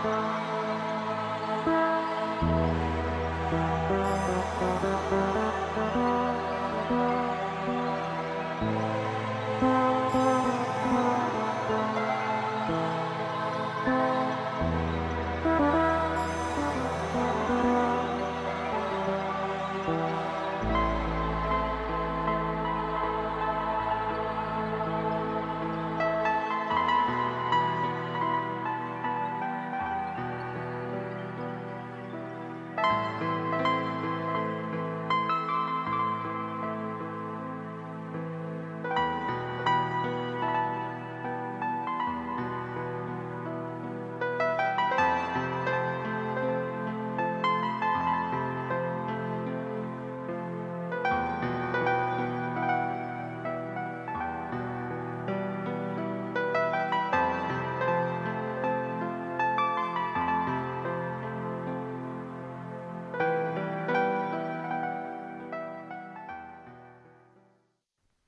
Thank you.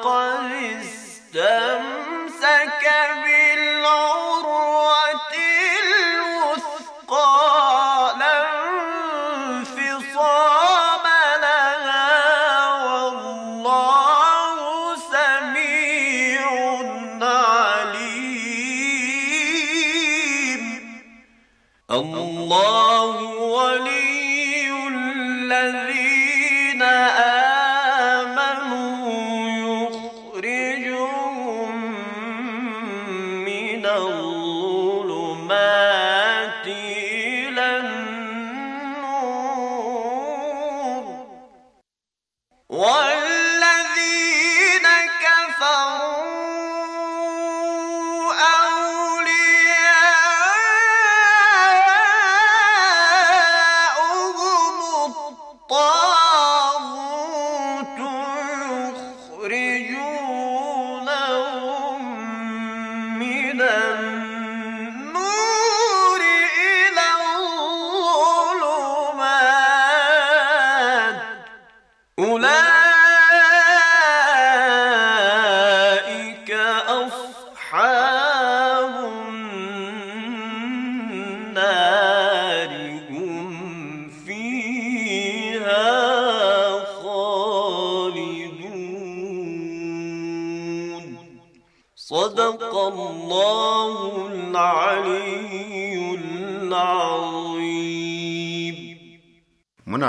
قلبي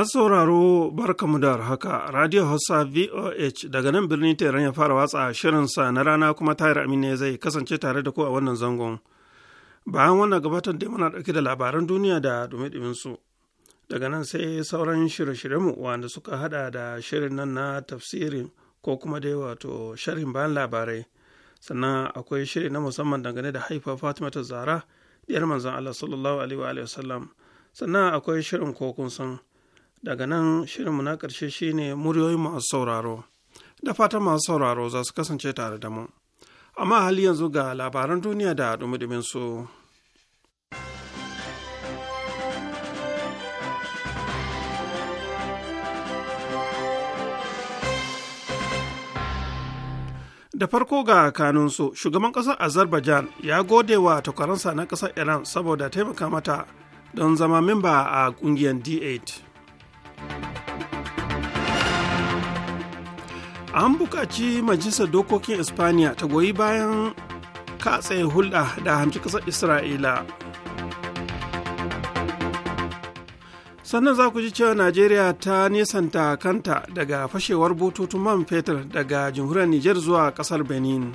Masu sauraro barkamu da haka Radio Hausa VOH daga nan birnin Teran ya fara watsa shirinsa na rana kuma tayar ne zai kasance tare da ku a wannan zangon. Bayan wannan gabatar da muna ɗauke da labaran duniya da dumi su. Daga nan sai sauran shirye mu wanda suka hada da shirin nan na tafsirin ko kuma dai wato shirin bayan labarai. Sannan akwai shiri na musamman dangane da haifa Fatima ta Zara, diyar manzon Allah sallallahu alaihi wa sallam. Sannan akwai shirin ko kun san daga nan shirinmu na ƙarshe shine muryoyi masu sauraro da fatan masu sauraro za su kasance tare da mu amma hali yanzu ga labaran duniya da dumudumin su da farko ga kanunsu shugaban ƙasar azerbaijan ya gode wa takwaransa na ƙasar iran saboda taimaka mata don zama mimba a ƙungiyar d8 an buƙaci majalisar dokokin ispaniya ta goyi bayan katse hulɗa da hamci ƙasar isra'ila sannan za ku ji cewa najeriya ta nisanta kanta daga fashewar bututun man fetur daga jamhuriyar niger zuwa ƙasar benin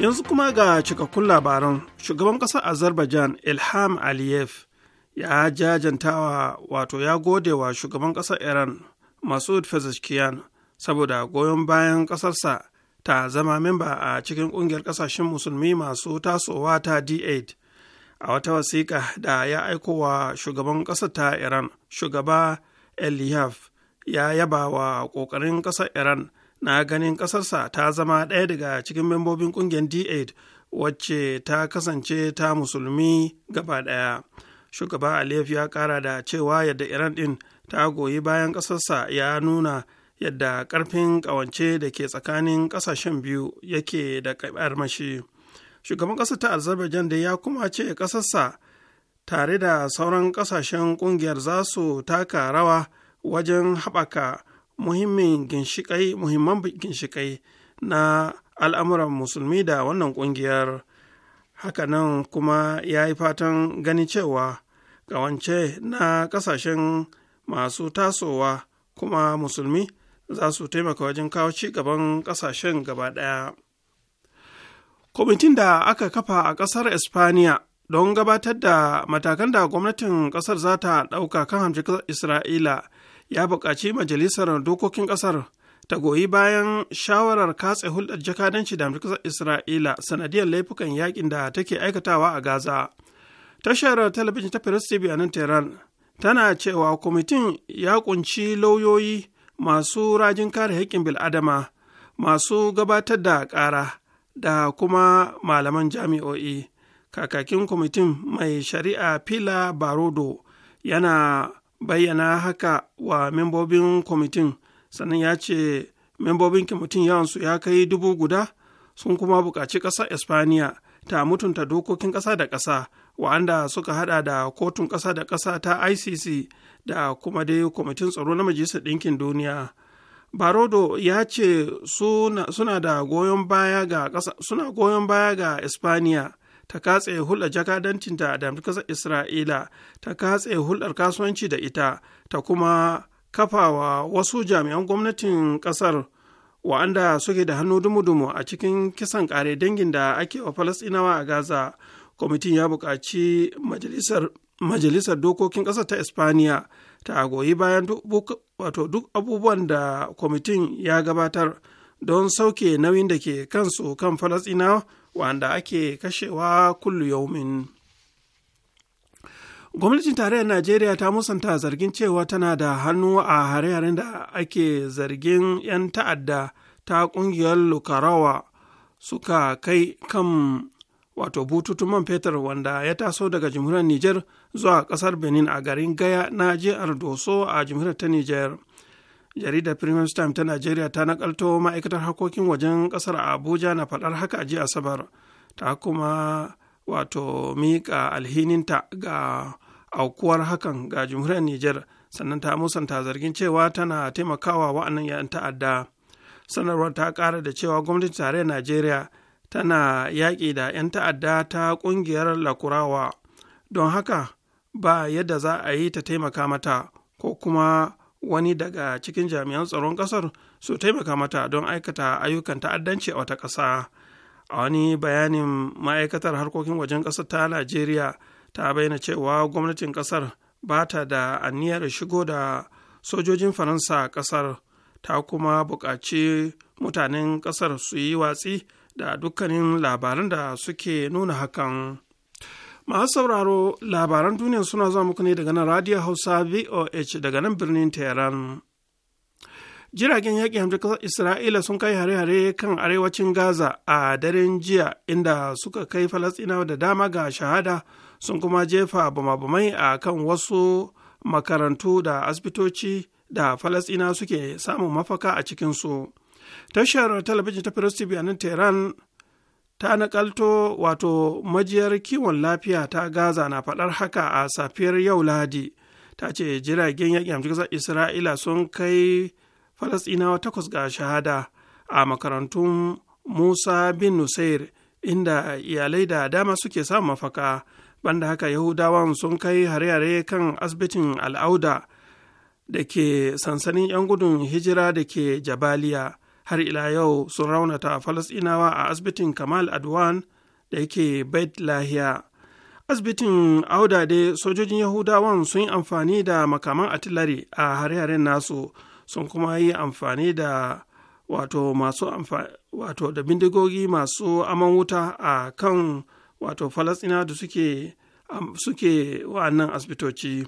yanzu kuma ga cikakkun labaran shugaban ƙasar azerbaijan ilham aliyev ya jajantawa wato ya gode wa shugaban ƙasar iran masud pezeshkian saboda goyon bayan ƙasarsa ta zama memba a cikin ƙungiyar ƙasashen musulmi masu tasowa ta d8 a wata wasiƙa da ya aiko wa shugaban ƙasar ta iran shugaba eliyaf ya yaba wa ƙoƙarin ƙasar iran na ganin ƙasarsa ta zama ɗaya daga cikin membobin ƙungiyar d8 wacce ta kasance ta musulmi gaba ɗaya shugaba aliyev ya kara da cewa yadda iran din ta goyi bayan ƙasarsa ya nuna yadda ƙarfin ƙawance da ke tsakanin ƙasashen biyu yake da armashi shugaban ƙasar ta azerbaijan da ya kuma ce ƙasarsa tare da sauran ƙasashen ƙungiyar za su taka rawa wajen haɓaka muhimmin ginshiƙai muhimman ginshiƙai na al'amuran musulmi da wannan ƙungiyar hakanan kuma ya yi fatan ganin cewa ƙawance na ƙasashen masu tasowa kuma musulmi za su taimaka wajen kawo ci gaban ƙasashen gaba ɗaya. Kwamitin da aka kafa a ƙasar Espaniya don gabatar da matakan da gwamnatin ƙasar za ta ɗauka kan hamshi Isra'ila ya buƙaci Majalisar Dokokin ƙasar ta goyi bayan shawarar katse hulɗar jakadanci da hamshi Isra'ila sanadiyar laifukan yaƙin da take aikatawa a Gaza. Tashar talabijin ta Firis TV a nan Tehran tana cewa kwamitin ya kunci lauyoyi masu rajin kare haƙƙin bil'adama masu gabatar da ƙara da kuma malaman jami'o'i. Kakakin kwamitin mai shari'a Fila Barodo yana bayyana haka wa membobin kwamitin sannan ya ce membobin kwamitin yawansu ya kai dubu guda sun kuma buƙaci ƙasar Espaniya ta mutunta dokokin ƙasa da ƙasa wa'anda suka hada da kotun ƙasa da ƙasa ta icc da kuma dai kwamitin tsaro na majalisar ɗinkin duniya barodo ya ce suna, da goyon baya ga ƙasa suna goyon baya ga ispaniya ta katse hulɗar jakadancinta da ƙasar isra'ila ta katse hulɗar kasuwanci da ita ta kuma kafawa wasu jami'an gwamnatin ƙasar wa'anda suke da hannu dumu-dumu a cikin kisan kare dangin da ake wa falasɗinawa a gaza kwamitin ya buƙaci majalisar, dokokin ƙasar ta ispaniya ta goyi bayan wato duk abubuwan da kwamitin ya gabatar don sauke nauyin da ke kansu kan falasɗinawa wa'anda ake kashewa kullu yaumin. gwamnatin tarayyar najeriya ta musanta zargin cewa tana da hannu a hare-haren da ake zargin 'yan ta'adda ta kungiyar lukarawa suka kai kan wato bututun man fetur wanda ya taso daga jimhuriyar niger zuwa kasar benin a garin gaya na jihar doso a jimhuriyar ta niger jaridar premier time ta najeriya ta nakalto ma'aikatar harkokin wajen ƙasar abuja na faɗar haka a jiya asabar ta kuma wato miƙa alhininta ga aukuwar hakan ga jamhuriyar Nijar sannan ta musanta zargin cewa tana taimakawa wa'annan 'yan ta'adda. Sanarwar ta ƙara da cewa gwamnatin tarayyar Najeriya tana yaƙi da 'yan ta'adda ta ƙungiyar Lakurawa don haka ba yadda za a yi ta taimaka mata ko kuma wani daga cikin jami'an tsaron ƙasar su taimaka mata don aikata ayyukan ta'addanci a wata ƙasa. A wani bayanin ma'aikatar harkokin wajen ƙasar ta Najeriya ta bayyana cewa gwamnatin kasar ba ta da aniyar shigo da sojojin faransa kasar ta kuma buƙaci mutanen kasar su yi watsi da dukkanin labaran da suke nuna hakan masu sauraro labaran duniya suna zuwa muku ne daga nan radio hausa voh daga nan birnin tehran jiragen yaƙi hamsin ƙasar isra'ila sun kai hare-hare kan arewacin gaza a daren jiya inda suka kai falasɗinawa da dama ga shahada sun kuma jefa bama-bamai a kan wasu makarantu da asibitoci da falasina suke samun mafaka a cikinsu tashar talabijin ta firistibi a nan tehran ta nakalto wato majiyar kiwon lafiya ta gaza na faɗar haka a safiyar yau ladi ta ce jiragen yaƙi amshi isra'ila sun kai falasɗinawa takwas ga shahada a makarantun musa bin nusair inda iyalai da dama suke samun mafaka banda haka yahudawan sun kai hare-hare kan asibitin al'auda da ke sansanin 'yan gudun hijira da ke jabaliya har ila yau sun raunata falasɗinawa a asibitin kamal adwan da yake bait lahiya asibitin auda dai sojojin yahudawan sun yi amfani da makaman atilari a hare-haren nasu sun kuma yi amfani da wato masu wato da bindigogi masu aman wuta a kan wato falasina da suke suke wa'annan asibitoci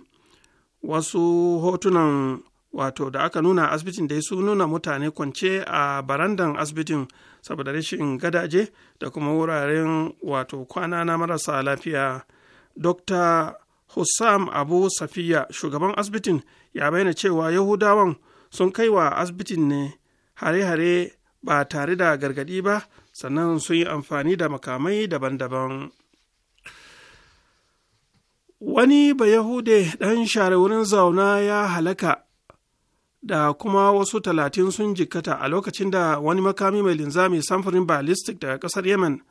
wasu hotunan wato da aka nuna asibitin dai su nuna mutane kwance a barandan asibitin saboda rashin gadaje da kuma wuraren wato kwana na marasa lafiya dr hussam abu safiya shugaban asibitin ya bayyana cewa yahudawan sun kai wa asibitin ne hare-hare ba tare da gargadi ba sannan sun yi amfani da makamai daban-daban wani bayahude ɗan share wurin zauna ya halaka da kuma wasu talatin sun jikkata a lokacin da wani makami mai linzami samfurin ballistic daga ƙasar yemen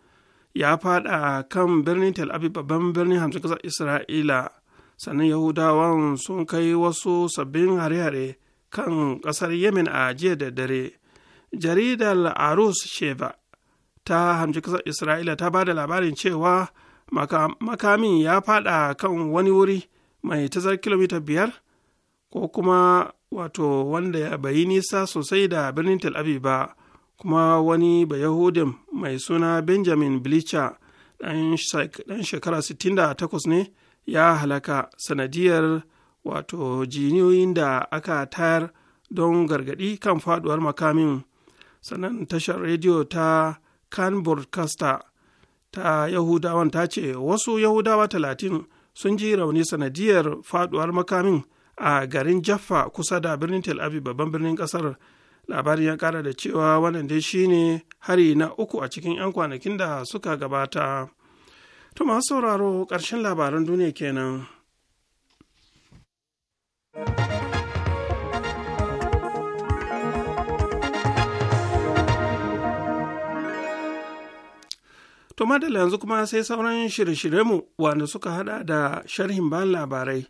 ya faɗa kan birnin tel aviv babban birnin hamsin ƙasar isra'ila sannan yahudawan sun kai wasu sabbin hare-hare kan ƙasar yemen a jiya da dare jaridar arus sheva ta hamji kasar isra'ila ta ba da labarin cewa makamin ya fada kan wani wuri mai tazar kilomita biyar ko kuma wato wanda ya bayi nisa sosai da birnin tel aviv ba kuma wani bayahudin mai suna benjamin blicha dan shekara 68 ne ya halaka sanadiyar wato jiniyoyin da aka tayar don gargadi kan faduwar makamin sannan tashar rediyo ta kan broadcaster ta yahudawan ta ce wasu yahudawa talatin sun ji rauni sanadiyar faduwar makamin a garin jaffa kusa da birnin tel aviv babban birnin kasar labarin ya kara da cewa wannan dai shine hari na uku a cikin 'yan kwanakin da suka gabata to masu sauraro ƙarshen labaran duniya kenan. To madalla yanzu kuma sai sauran shirye-shiryenmu wanda suka hada da sharhin bayan labarai.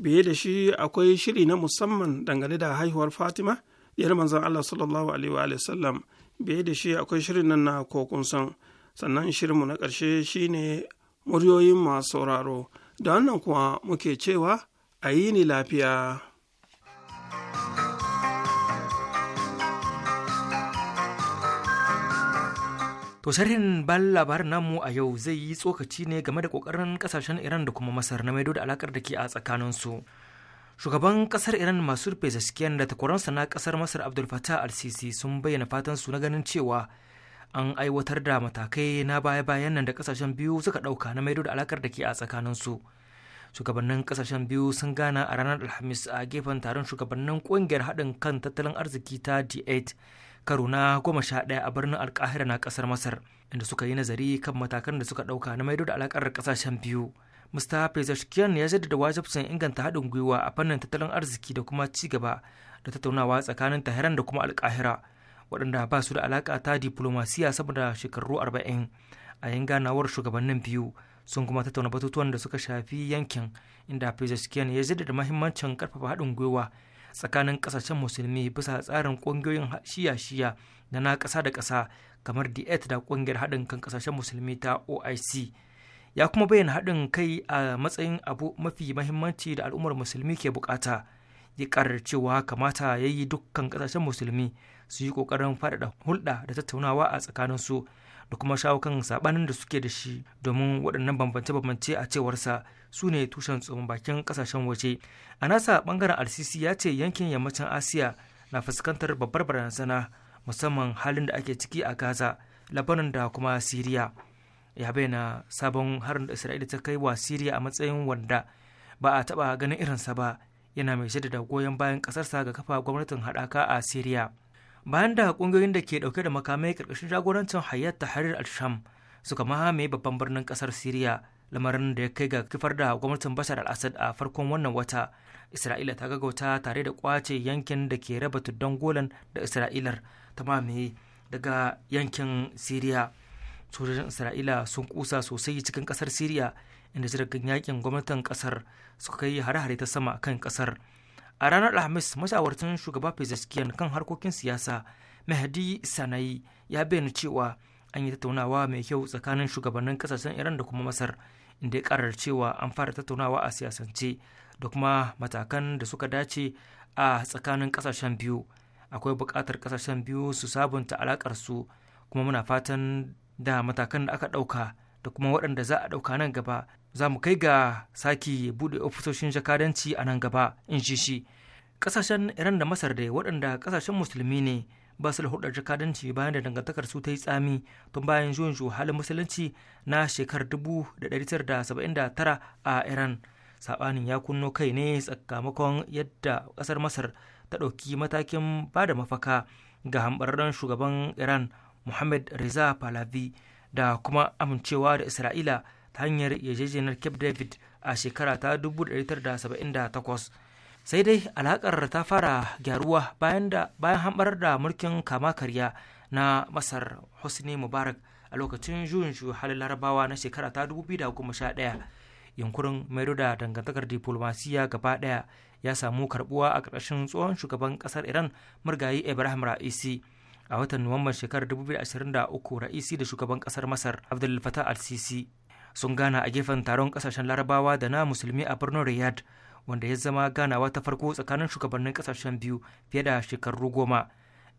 Biye da shi akwai shiri na musamman dangane da haihuwar Fatima, yar manzon Allah sallallahu alaihi wa sallam. Biye da shi akwai shirin nan na kokun san. Sannan shirinmu na ƙarshe shine muryoyin masu sauraro. Da wannan kuwa muke cewa a yi ni lafiya. To sharhin ban labarin namu a yau zai yi tsokaci ne game da kokarin kasashen Iran da kuma Masar na maido da alakar da ke a tsakaninsu. Shugaban kasar Iran masu Pezeshkian da takwaransa na kasar Masar Abdul Fattah al-Sisi sun bayyana fatan su na ganin cewa an aiwatar da matakai na baya-bayan nan da kasashen biyu suka dauka na maido da alakar da ke a tsakaninsu. Shugabannin kasashen biyu sun gana a ranar Alhamis a gefen taron shugabannin kungiyar haɗin kan tattalin arziki ta D8 karo na goma sha ɗaya a birnin alkahira na ƙasar masar inda suka yi nazari kan matakan da suka ɗauka na maido da alaƙar ƙasashen biyu mista pezeshkian ya jaddada wajibcin inganta haɗin gwiwa a fannin tattalin arziki da kuma ci gaba da tattaunawa tsakanin tahiran da kuma alkahira waɗanda ba su da alaƙa ta diplomasiya saboda shekaru arba'in a yin ganawar shugabannin biyu sun kuma tattauna batutuwan da suka shafi yankin inda pezeshkian ya jaddada mahimmancin karfafa haɗin gwiwa tsakanin kasashen musulmi bisa tsarin kungiyoyin shiya-shiya da na ƙasa da ƙasa kamar diet da ƙungiyar haɗin kan kasashen musulmi ta oic ya kuma bayyana haɗin kai a matsayin abu mafi mahimmanci da al'ummar musulmi ke bukata ya karar cewa kamata ya yi dukkan kasashen musulmi su yi ƙoƙarin faɗaɗa hulɗa da tattaunawa a tsakanin su da kuma shawo kan saɓanin da suke da shi domin waɗannan bambance-bambance a cewarsa su ne tushen tsohon bakin kasashen waje a nasa bangaren alsisi ya ce yankin yammacin asiya na fuskantar babbar barazana musamman halin da ake ciki a gaza labanan da kuma siriya ya bayyana sabon harin da isra'ila ta kai wa siriya a matsayin wanda ba a taba ganin irinsa ba yana mai jaddada goyon bayan kasarsa ga kafa gwamnatin haɗaka a siriya bayan da ƙungiyoyin da ke ɗauke da makamai ƙarƙashin jagorancin hayyar tahrir al-sham suka mahame babban birnin ƙasar siriya lamarin da ya kai ga kifar da gwamnatin bashar al-assad a farkon wannan wata isra'ila ta gagauta tare da kwace yankin da ke raba tuddan golan da isra'ilar ta mamaye daga yankin siriya sojojin isra'ila sun kusa sosai cikin kasar siriya inda jirgin yakin gwamnatin kasar suka kai hare-hare ta sama kan kasar a ranar alhamis mashawarcin shugaba pezeskiyan kan harkokin siyasa mahdi sanayi ya bayyana cewa an yi tattaunawa mai kyau tsakanin shugabannin kasashen iran da kuma masar inda ya karar cewa an fara tattaunawa a siyasance da kuma matakan da suka dace a tsakanin kasashen biyu akwai buƙatar kasashen biyu su sabunta alakar su kuma muna fatan da matakan da aka ɗauka da kuma waɗanda za a ɗauka nan gaba za mu kai ga saki buɗe ofisoshin jakadanci a nan gaba in shi shi ƙasashen iran da masar da waɗanda ƙasashen musulmi ne ba su da hudar jakadanci bayan da dangantakar su ta yi tsami tun bayan juyin halin musulunci na shekarar 1979 a iran sabanin ya kunno kai ne tsakamakon yadda kasar masar ta ɗauki matakin ba da mafaka ga hambararren shugaban iran muhammad reza pahlavi da kuma amincewa da isra'ila ta hanyar yarjejeniyar cape david a shekara ta 1978 sai dai alakar ta fara gyaruwa bayan hambar da mulkin kama karya na masar hosni mubarak a lokacin juyin shu halin larabawa na shekara ta 2011 yankurin maido da dangantakar diplomasiya gaba daya ya samu karbuwa a ƙarshen tsohon shugaban ƙasar iran murgayi ibrahim ra'isi a watan nuwamban shekarar 2023 ra'isi da shugaban ƙasar masar abdul fatah al-sisi sun gana a gefen taron ƙasashen larabawa da na musulmi a birnin riyadh wanda ya zama ganawa ta farko tsakanin shugabannin kasashen biyu fiye da shekaru goma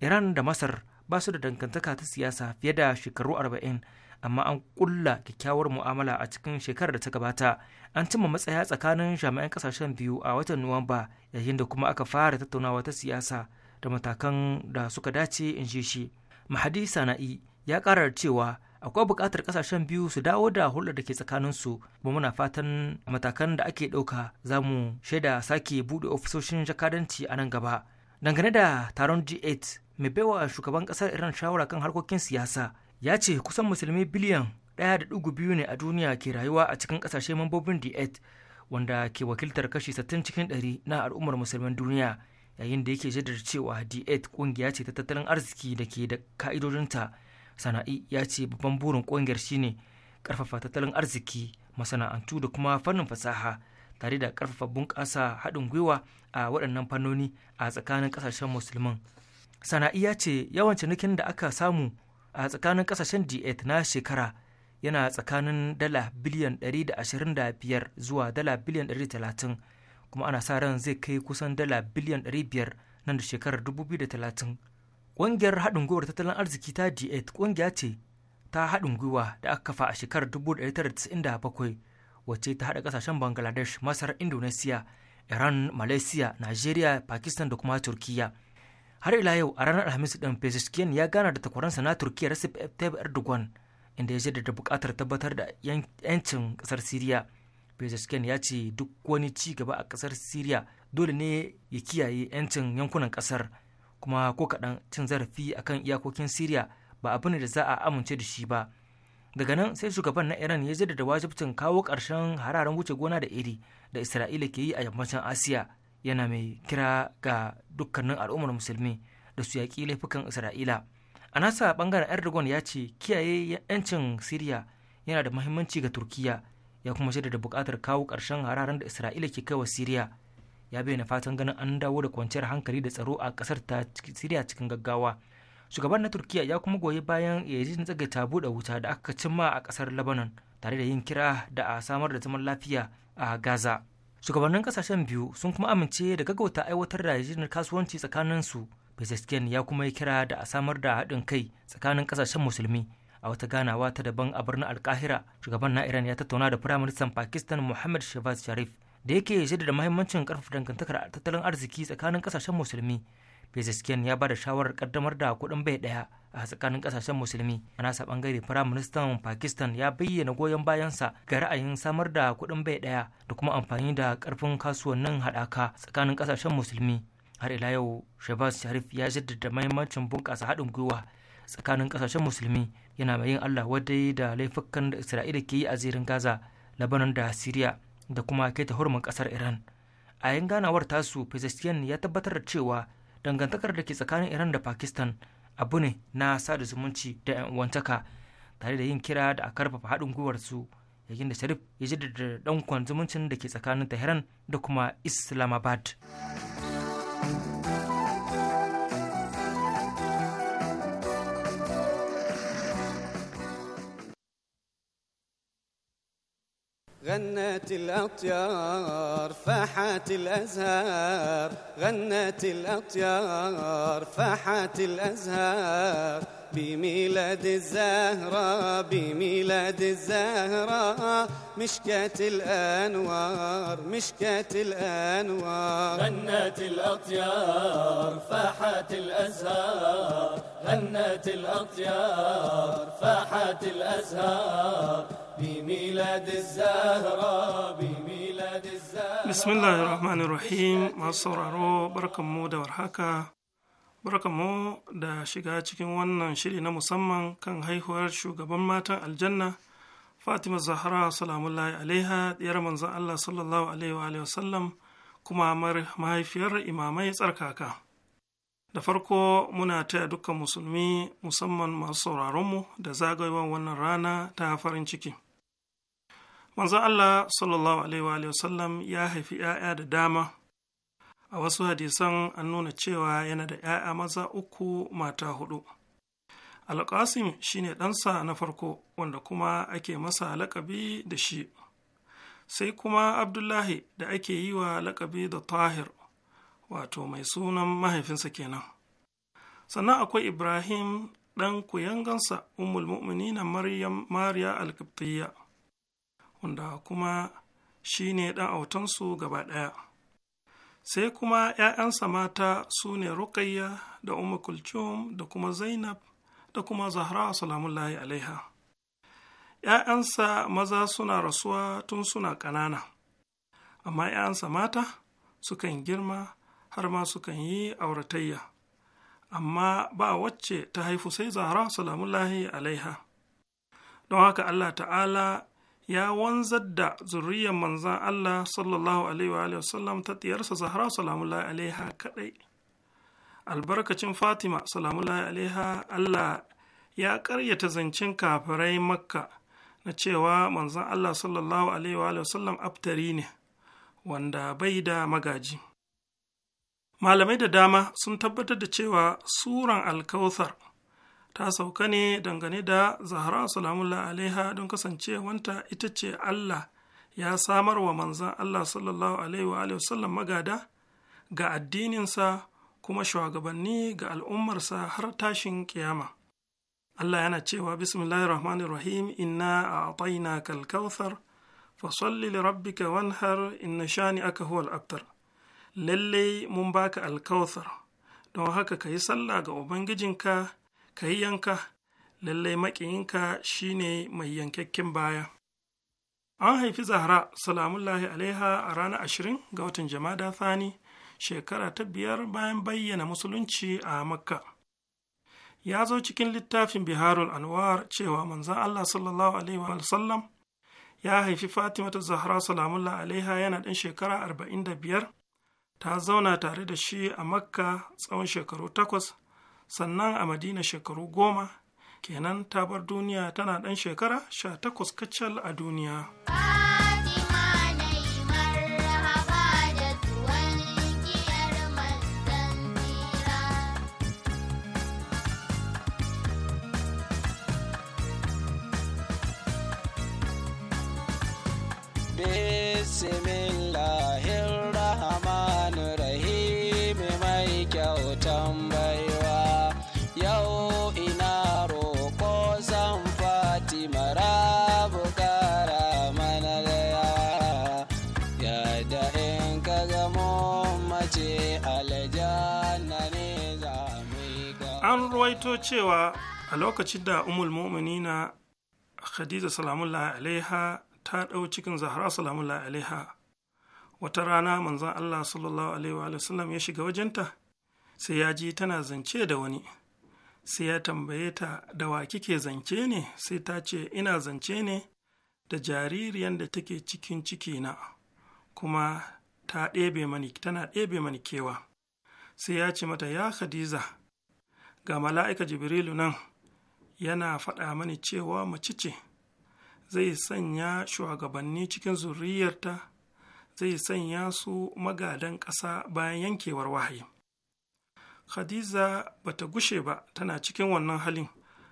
iran da masar ba su da dangantaka ta siyasa fiye da shekaru arba'in amma an kulla kyakkyawar mu'amala a cikin shekarar da ta gabata an cimma matsaya tsakanin jami'an kasashen biyu a watan nuwamba yayin da kuma aka fara tattaunawa ta siyasa da matakan da suka dace in shi shi mahadi sana'i ya karar cewa akwai buƙatar ƙasashen biyu su dawo da hulɗar da ke su kuma muna fatan matakan da ake ɗauka za mu shaida sake buɗe ofisoshin jakadanci a nan gaba dangane da taron g8 mai baiwa shugaban ƙasar iran shawara kan harkokin siyasa ya ce kusan musulmi biliyan 1.2 ne a duniya ke rayuwa a cikin ƙasashe mambobin d8 wanda ke wakiltar kashi 60 cikin ɗari na al'ummar musulman duniya yayin da yake jaddada cewa d8 kungiya ce ta tattalin arziki da ke da ka'idodinta sana'i ya ce babban burin ƙungiyar shine karfafa tattalin arziki masana'antu da kuma fannin fasaha tare da karfafa bunƙasa haɗin gwiwa a waɗannan fannoni a tsakanin ƙasashen musulman sana'i ya ce yawan cinikin da aka samu a tsakanin ƙasashen d na shekara yana tsakanin dala biliyan 125 zuwa dala biliyan 130 kuma ana sa ran zai kai kusan dala biliyan 500 nan da shekarar 2030 Ƙungiyar haɗin gwiwar tattalin arziki ta d 8 ƙungiya ce ta haɗin gwiwa da aka kafa a shekarar 1997 wacce ta haɗa ƙasashen Bangladesh, Masar, Indonesia, Iran, Malaysia, Nigeria, Pakistan da kuma Turkiyya. Har ila yau a ranar Alhamis ɗin Pezeshkian ya gana da takwaransa na Turkiyya Recep Tayyip Erdogan inda ya jaddada buƙatar tabbatar da 'yancin ƙasar Siriya. Pezeshkian ya ce duk wani ci gaba a ƙasar Siriya dole ne ya kiyaye 'yancin yankunan ƙasar. kuma ko kaɗan cin zarafi a kan iyakokin siriya ba abu ne da za a amince da shi ba daga nan sai shugaban na iran ya jaddada wajibcin kawo ƙarshen hararen wuce gona da iri da isra'ila ke yi a yammacin asiya yana mai kira ga dukkanin al'ummar musulmi da su yaƙi laifukan isra'ila a nasa ɓangaren erdogan ya ce kiyaye 'yancin siriya yana da mahimmanci ga turkiya ya kuma jaddada buƙatar kawo ƙarshen hararen da isra'ila ke kai wa siriya ya bayyana fatan ganin an dawo da kwanciyar hankali da tsaro a kasar ta siriya cikin gaggawa shugaban na turkiya ya kuma goyi bayan yajin ta buɗe wuta da aka cimma a kasar lebanon tare da yin kira da a samar da zaman lafiya a gaza shugabannin kasashen biyu sun kuma amince da gaggauta aiwatar da yajinar kasuwanci tsakanin su Pezeshkian ya kuma yi kira da a samar da haɗin kai tsakanin kasashen musulmi a wata ganawa ta daban a birnin alkahira shugaban na iran ya tattauna da firaministan pakistan muhammad shahbaz sharif da yake da mahimmancin karfafa dangantakar tattalin arziki tsakanin kasashen musulmi Pezeshkian ya bada shawarar kaddamar da kuɗin bai ɗaya a tsakanin kasashen musulmi. A nasa ɓangare Firaministan Pakistan ya bayyana goyon bayansa ga ra'ayin samar da kuɗin bai ɗaya da kuma amfani da karfin kasuwannin haɗaka tsakanin kasashen musulmi. Har ila yau Shabaz Sharif ya jaddada mahimmancin bunƙasa haɗin gwiwa tsakanin kasashen musulmi yana mai yin Allah wadai da laifukan da Isra'ila ke yi a zirin Gaza, labanan da Siriya. da kuma keta hurmin kasar iran a yin ganawar tasu pezeshkian ya tabbatar da cewa dangantakar da ke tsakanin iran da pakistan abu ne na sada zumunci da yan uwantaka tare da yin kira da a karfafa haɗin gwiwar gwiwarsu yayin da sharif ya ji da dankon zumuncin da ke tsakanin tehran da kuma islamabad غنت الأطيار فاحت الأزهار غنت الأطيار فاحت الأزهار بميلاد الزهرة بميلاد الزهرة مشكات الأنوار مشكات الأنوار غنت الأطيار فاحت الأزهار غنت الأطيار فاحت الأزهار بميلاد الزهرة بميلاد masu sauraro barkanmu da warhaka barkanmu da shiga cikin wannan shiri na musamman kan haihuwar shugaban matan aljanna fatima zahra salamullahi alaiha diyar manzon allah sallallahu alaihi wa kuma mahaifiyar imamai tsarkaka da farko muna taya dukkan musulmi musamman masu sauraronmu da zagayowar wannan rana ta farin ciki manzon Allah sallallahu alaihi wasallam ya haifi ‘ya'ya da dama a wasu hadisan an nuna cewa yana da ‘ya'ya maza uku mata hudu alƙasim ne ɗansa na farko wanda kuma ake masa lakabi da shi sai kuma abdullahi da ake yi wa lakabi da tahir wato mai sunan mahaifinsa kenan sannan akwai ibrahim ɗan kuyangansa umul mu'minina maryam mariya alkiptiyya wanda kuma shi ne ɗan autansu gaba ɗaya sai kuma ‘ya'yansa mata su ne Rukayya da Umar Kulcum da kuma Zainab da kuma Zahra salamullahi alaiha. ‘Ya'yansa maza suna rasuwa tun suna ƙanana, amma ‘ya'yansa mata sukan girma har ma sukan yi auratayya, amma ba wacce ta haifu sai Zahra salamullahi alaiha. Don haka Allah ta'ala ya wanzar da zuriyar manzan Allah sallallahu alaihi wa ta diyarsa Zahra salamullahi alaiha kadai albarkacin Fatima salamullahi alaiha Allah ya karyata zancen kafirai Makka na cewa manzan Allah sallallahu alaihi wa aftari ne wanda bai da magaji malamai da dama sun tabbatar da cewa suran alkauthar ta sauka ne dangane da zahra salamullah alaiha don kasancewanta ita ce allah ya samar wa manzan allah sallallahu alaihi wa sallam magada ga addininsa kuma shugabanni ga al'ummarsa har tashin kiyama allah yana cewa rahim, inna a ataina kalkauthar fasalli rabbika wanhar inna shani aka huwal abtar lallai mun baka alkauthar don haka ka yi sallah ga ubangijinka ka yi yanka lallai maƙiyinka shine mai yankakken baya an haifi zahra salamullahi alaiha a ranar ashirin ga watan jama'a thani shekara ta biyar bayan bayyana musulunci a makka ya zo cikin littafin biharul anwar cewa manzan allah sallallahu alaihi wa sallam ya haifi fatima ta zahra salamullah alaiha yana ɗan shekara arba'in da biyar ta zauna tare da shi a makka tsawon shekaru takwas sannan a madina shekaru goma kenan ta bar duniya tana ɗan shekara sha takwas kacal a duniya. ruwaito cewa a lokacin da umul mu'minina khadija salamullahi alaiha ta ɗau cikin zahra salamullahi alaiha wata rana manzon allah sallallahu alaihi wa sallam ya shiga wajenta sai ya ji tana zance da wani sai ya tambaye ta da wa kike zance ne sai ta ce ina zance ne da jaririyan da take cikin cikina kuma ta ɗebe mani tana ɗebe mani kewa sai ya ce mata ya khadiza ga mala'ika jibrilu nan yana faɗa mani cewa mace ce zai sanya shugabanni cikin zuriyarta zai sanya su magadan ƙasa bayan yankewar wahayi khadiza ta gushe ba tana cikin wannan halin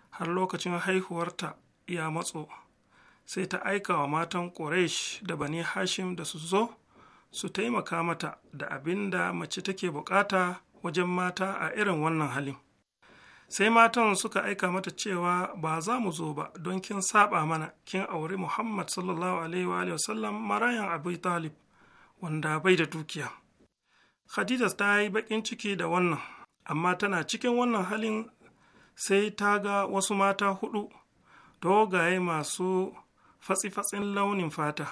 har lokacin haihuwarta ya matso sai ta aika wa matan ƙura'ish da bani Hashim da su zo su taimaka mata da abin da mace take bukata wajen mata a irin wannan halin. sai matan suka aika mata cewa ba za mu zo ba don kin saba mana kin auri muhammad sallallahu alaihi wa sallam marayan abu talib wanda bai da dukiya khadija ta yi bakin ciki da wannan amma tana cikin wannan halin sai ta ga wasu mata hudu dogaye masu fatsi-fatsin launin fata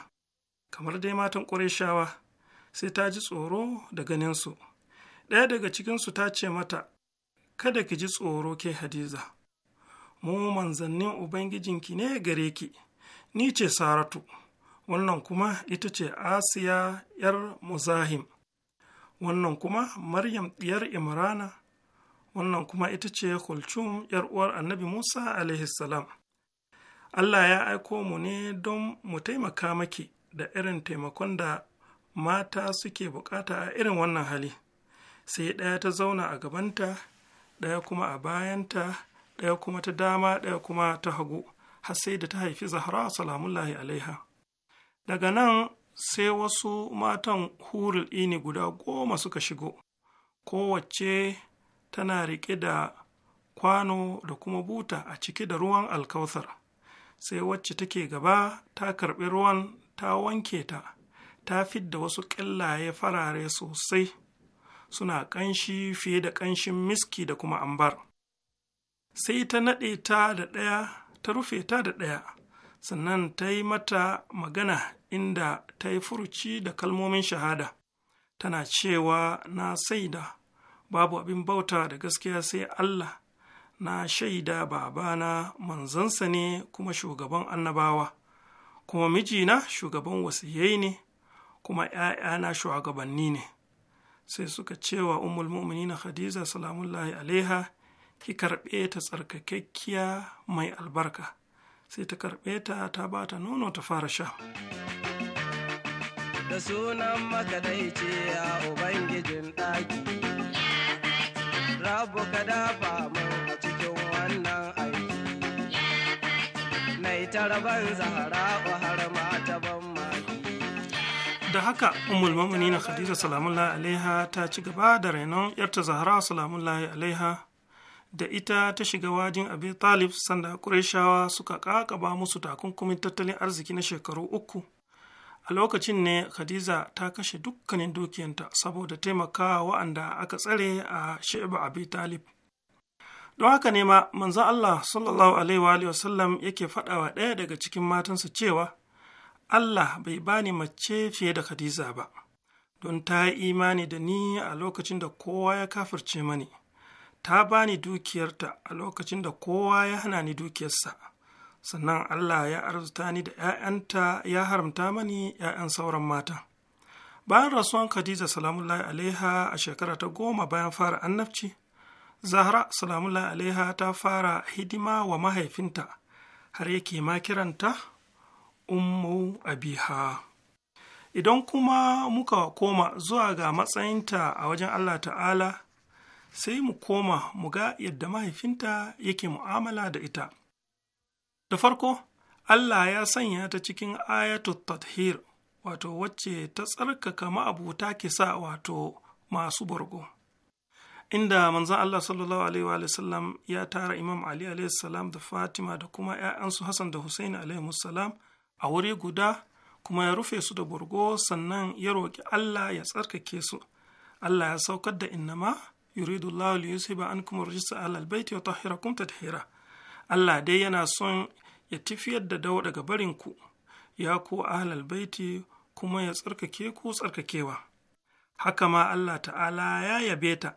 kamar dai matan ƙureshawa sai ta ji tsoro da ganinsu ɗaya daga cikinsu ta ce mata kada ki ji tsoro ke hadiza mu manzannin ubangijinki ne gare ki ni ce saratu wannan kuma ita ce asiya yar muzahim wannan kuma maryam diyar imrana wannan kuma ita ce kulcum yar uwar annabi musa alaihi salam allah ya aiko mu ne don mu taimaka maki da irin taimakon da mata suke bukata a irin wannan hali sai ɗaya ta zauna a gabanta ɗaya kuma a bayanta ɗaya kuma ta dama ɗaya kuma ta hagu har sai da ta haifi zahra salamullahi alaiha daga nan sai wasu matan hurul ini guda goma suka shigo kowace tana riƙe da kwano da kuma buta a ciki da ruwan alkauthar sai wacce take gaba ta karɓi ruwan ta wanke ta ta fidda wasu ƙillaye farare sosai suna ƙanshi fiye da ƙanshin miski da kuma ambar sai ta naɗe ta da ɗaya ta rufe ta da ɗaya sannan ta yi mata magana inda ta yi furuci da kalmomin shahada tana cewa na saida babu abin bauta da gaskiya sai allah na shaida babana manzansa ne kuma shugaban annabawa kuma mijina shugaban wasiyai ne kuma ‘ya'yana shugabanni ne sai suka cewa umul mu'minina khadija salamullahi alaiha ki karɓe ta tsarkakakkiya mai albarka sai ta karɓe ta ta ba ta nono ta fara sha da sunan makadaici a ubangijin ɗaki rabu ka dafa mun a cikin wannan aiki na ita zahara'u da haka umul na khadija salamullahi alaiha ta ci gaba da rainon yarta zahra salamullahi alaiha da ita ta shiga wajin abi talib sanda ƙureshawa suka ƙaƙaba musu takunkumin tattalin arziki na shekaru uku a lokacin ne khadija ta kashe dukkanin dukiyanta saboda taimaka wa'anda aka tsare a sheba abi talib don haka ne ma manzo allah sallallahu alaihi wa sallam yake faɗawa ɗaya daga cikin matansa cewa Allah bai bani mace fiye da Khadija ba, don ta yi imani da ni a lokacin da kowa ya kafirce mani, ta bani dukiyarta a lokacin da kowa ya hana ni dukiyarsa, sannan Allah ya arzuta ni da ‘ya'yanta ya haramta mani ‘ya'yan sauran mata. Bayan rasuwan Khadija salamullahi alaiha a shekara ta goma bayan fara annabci, Zahra salamullahi alaiha ta fara hidima wa mahaifinta har yake ma kiranta ummu abiha idan kuma muka koma zuwa ga matsayinta a wajen allah ta'ala sai mu koma mu ga yadda mahaifinta yake mu'amala da ita da farko allah ya sanya ta cikin ayatul tathir wato wacce ta tsarkaka ke sa wato masu borgo inda manzan Allah sallallahu alaihi wa sallam ya tara Imam Ali alaihi salam da Fatima da kuma ‘ya'yansu Hassan da Hussein alaihi salam a wuri guda kuma ya rufe su da burgo sannan ya roƙi Allah ya tsarkake su Allah ya saukar da innama yuridu Allah li yusiba ankum rijsa ala albayti wa tahhirakum Hira. Allah dai yana son ya tafiyar da dawo daga barin ku ya ku ahlal baiti kuma ya tsarkake ku tsarkakewa haka ma Allah ta'ala ya yabe ta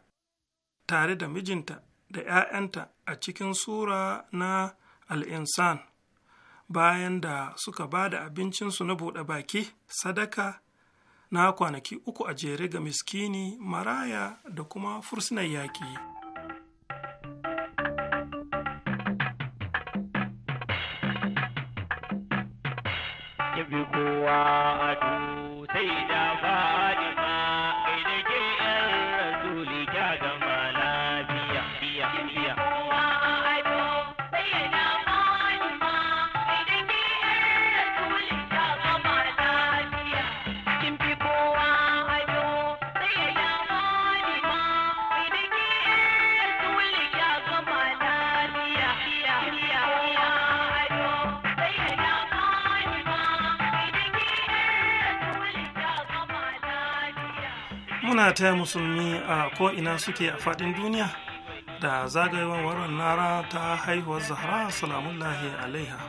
tare da mijinta da ‘ya'yanta a cikin sura na al'insan bayan da suka ba da abincinsu na buɗe baki sadaka na kwanaki uku a jere ga miskini maraya da kuma fursunan yaƙi kowa a sai da muna taya musulmi a ko ina suke a faɗin duniya da zagayewar wannan nara ta haihuwar zahra Salamun, salamullahi alaiha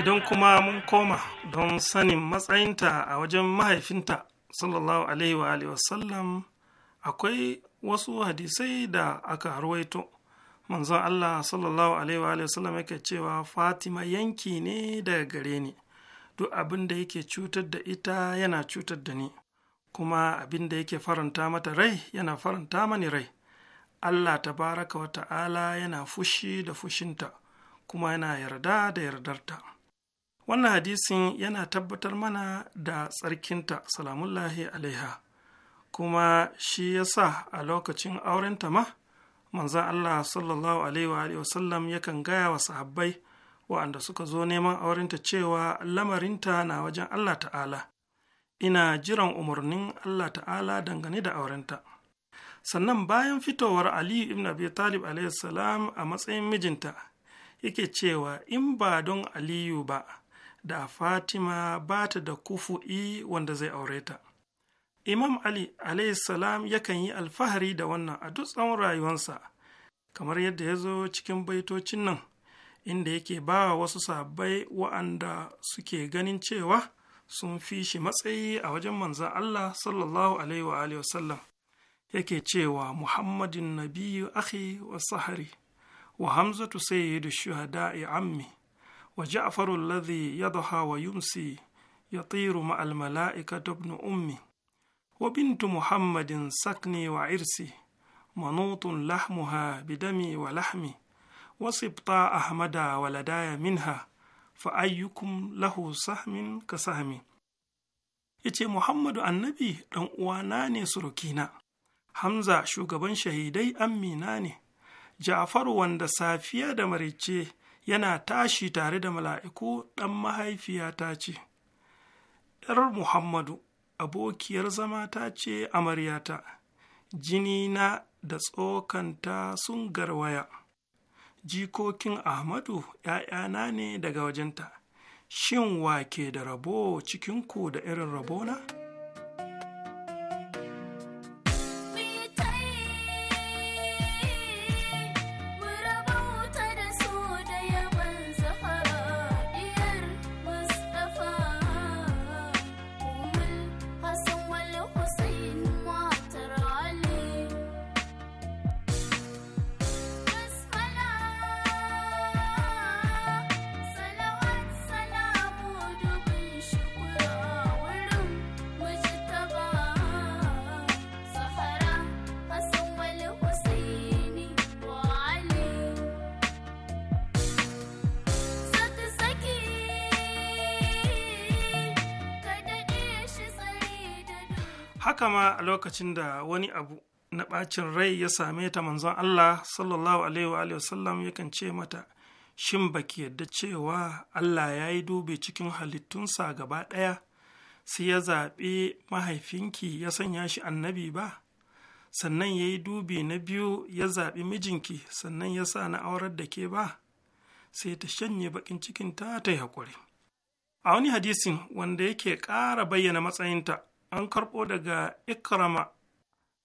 idan kuma mun koma don sanin matsayinta a wajen mahaifinta sallallahu alaihi wa wasallam akwai wasu hadisai da aka harwaito manzon Allah sallallahu alaihi wa wasallam yake cewa Fatima yanki ne daga gare ni duk abin da yake cutar da ita yana cutar da ni kuma abin da yake faranta mata rai yana faranta mani rai Allah tabaraka wa ta'ala yana fushi da fushinta kuma yana yarda da yardarta wannan hadisin yana tabbatar mana da tsarkinta salamullahi alaiha kuma shi ya sa a lokacin aurenta ma manzan allah sallallahu alaihi Sallam yakan gaya wa sahabbai wa'anda suka zo neman aurenta cewa lamarinta na wajen allah ta'ala ina jiran umarnin allah ta'ala dangane da aurenta sannan bayan fitowar Aliyu ibn abi talib a matsayin mijinta yake cewa in ba don aliyu ba da fatima ba ta da kufu'i wanda zai aure ta imam ali salam yakan yi alfahari da wannan a duk tsawon rayuwarsa kamar yadda ya zo cikin baitocin nan inda yake ba wasu sabai wa'anda suke ganin cewa sun fi shi matsayi a wajen manzan Allah sallallahu alaihi wa alihi wasallam yake cewa Muhammadin nabiyyu akhi wa sahari wa hamzatu sayyidu shuhada'i ammi wa ja'faru alladhi yadha wa yumsi ya ma al mala'ikati ibn ummi wa bintu muhammadin sakni wa irsi manutun lahmuha bidami wa lahmi wasibta ahmada waladaya minha fa ayyukum lahu sahmin ka sahmi yace muhammadu annabi Ɗan uwana ne surukina hamza shugaban shahidai amina ne ja'faru wanda safiya da marice yana tashi tare da mala'iku ɗan mahaifiyata ce ‘yar muhammadu abokiyar zama ta ce amaryata jini na da tsokanta sun garwaya jikokin ahmadu ‘ya'yana ne daga wajenta shin wake da rabo cikinku da irin rabona?’ dama a lokacin da wani abu na ɓacin rai ya same ta manzon Allah sallallahu alaihi wa sallam yakan ce mata shin baki yadda cewa Allah ya yi dubi cikin halittunsa gaba ɗaya sai ya zaɓi mahaifinki ya sanya shi annabi ba sannan ya yi dubi na biyu ya zaɓi mijinki sannan ya sa na aurar da ke ba sai ta shanye baƙin cikinta ta yi haƙuri a wani hadisin wanda yake ƙara bayyana matsayinta an karɓo daga ikrama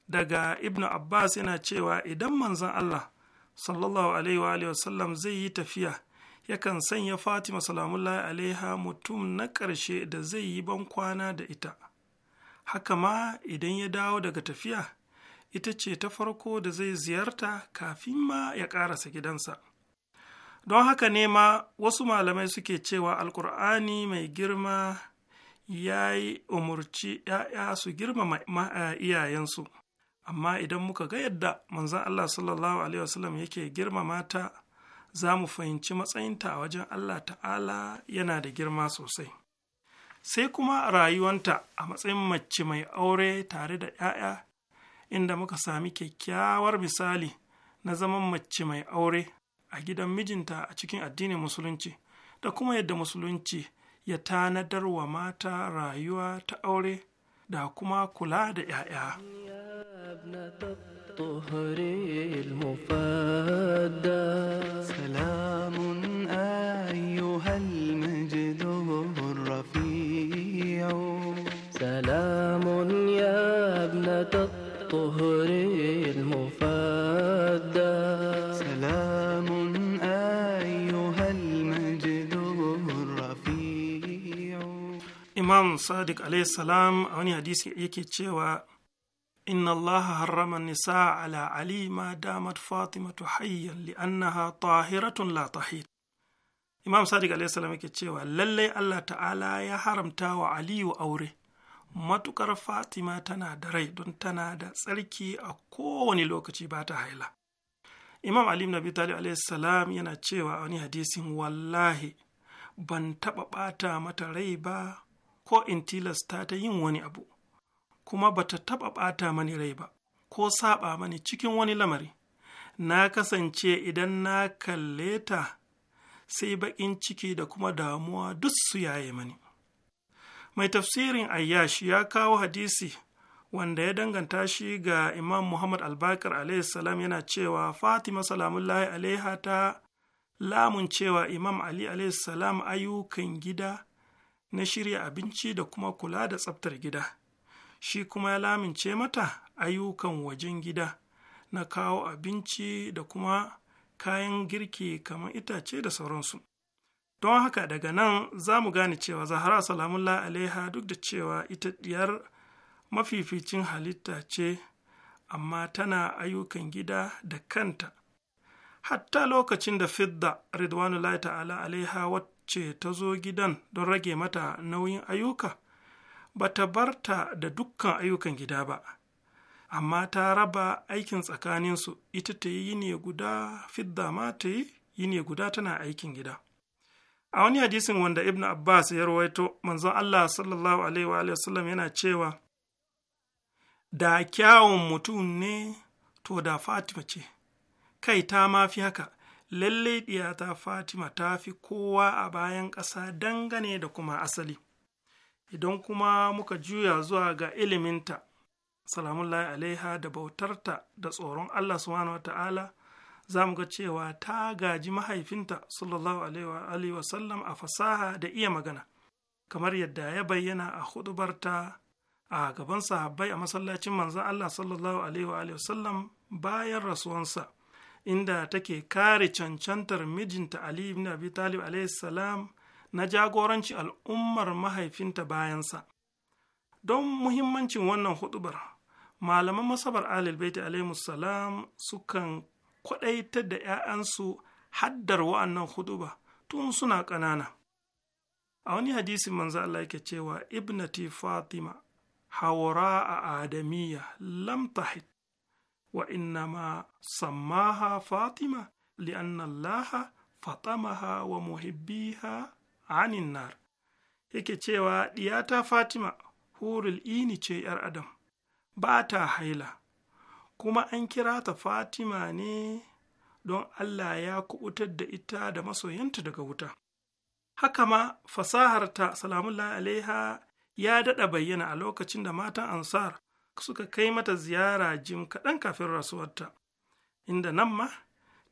daga ibn abbas yana cewa idan manzon allah sallallahu alaihi wa wasallam zai yi tafiya yakan sanya fatima salamullahi alaiha mutum na ƙarshe da zai yi ban kwana da ita haka ma idan ya dawo daga tafiya ita ce ta farko da zai ziyarta kafin ma ya ƙarasa gidansa don haka ne ma wasu malamai suke cewa alkur'ani mai girma ya yi umurci ‘ya'ya su girmama eh, iyayensu amma idan muka ga yadda manzan Allah sallallahu alaihi wasallam yake girmama ta za mu fahimci matsayinta a wajen Allah ta'ala yana da girma sosai sai kuma rayuwanta a matsayin mace mai aure tare da ‘ya'ya inda muka sami kyakkyawar misali na zaman mace mai aure a gidan mijinta a cikin addinin musulunci da kuma yadda musulunci ya tanadar wa mata rayuwa ta aure da kuma kula da 'ya'ya. الطهر المفادى سلام أيها المجد الرفيع سلام يا ابنة الطهر imam sadiq alaihi salam a wani hadisi yake cewa inna allaha harrama nisa ala ali ma damat tu hayyan li'annaha tahiratun la tahir imam sadiq alaihi salam yake cewa lallai allah ta'ala ya haramta wa aliyu aure matukar fatima tana da rai don tana da tsarki a kowane lokaci ba ta haila imam ali nabi talib alaihi yana cewa a wani hadisin wallahi ban taɓa ɓata mata rai ba ko in tilasta ta yin wani abu kuma ba ta taɓa ɓata mani rai ba ko saɓa mani cikin wani lamari na kasance idan na kalle ta sai baƙin ciki da kuma damuwa duk su yaye mani mai tafsirin ayyashi ya kawo hadisi wanda ya danganta shi ga imam muhammad albakar salam yana cewa fatima salamullahi alaiha ta lamun cewa imam ali salam ayyukan gida na shirya abinci da kuma kula da tsaftar gida shi kuma ya lamince mata ayyukan wajen gida na kawo abinci da kuma kayan girki kamar itace da sauransu don haka daga nan za mu gane cewa zahara salamullah alaiha duk da cewa ita diyar mafificin halitta ce amma tana ayyukan gida da kanta hatta lokacin da fidda ridwanullahi ta'ala alaiha ce ta zo gidan don rage mata nauyin ayyuka ba ta barta da dukkan ayyukan gida ba amma ta raba aikin tsakaninsu ita ta yi ne guda fidda ma ta yi ne guda tana aikin gida a wani hadisin wanda ibn abbas ya rawaito manzon allah sallallahu alaihi wa sallam yana cewa da kyawun mutum ne to da fatima ce kai ta ma fi haka Lallai ɗiyata fatima ta fi kowa a bayan ƙasa dangane da kuma asali idan kuma muka juya zuwa ga iliminta salamullahi alaiha da bautarta da tsoron allah subhanahu wa ta'ala za mu ga cewa ta gaji mahaifinta sallallahu alaihi sallam. a fasaha da iya magana kamar yadda ya bayyana a hudubarta a gaban sahabbai a masallacin manzan allah sallallahu alaihi sallam bayan rasuwansa inda take kare cancantar mijinta ali ibn abi talib salam na jagoranci al'ummar mahaifinta bayansa don muhimmancin wannan hudubar malaman masabar alilbaiti salam sukan kwadaitar da 'ya'yansu haddar wa'annan huduba tun suna ƙanana a wani hadisi manza Allah yake cewa ibnati fatima hawara a adamiya lam tahid wa innama sammaha fatima li'anna allaha fatamaha wa muhibbiha anin nar yake cewa diyata fatima hurul ini ce yar adam ba ta haila kuma an kira ta fatima ne don allah ya kubutar da ita da masoyanta daga wuta haka ma fasaharta salamullahi alaiha ya daɗa bayyana a lokacin da matan ansar suka kai mata ziyara jim kaɗan kafin rasuwarta inda nan ma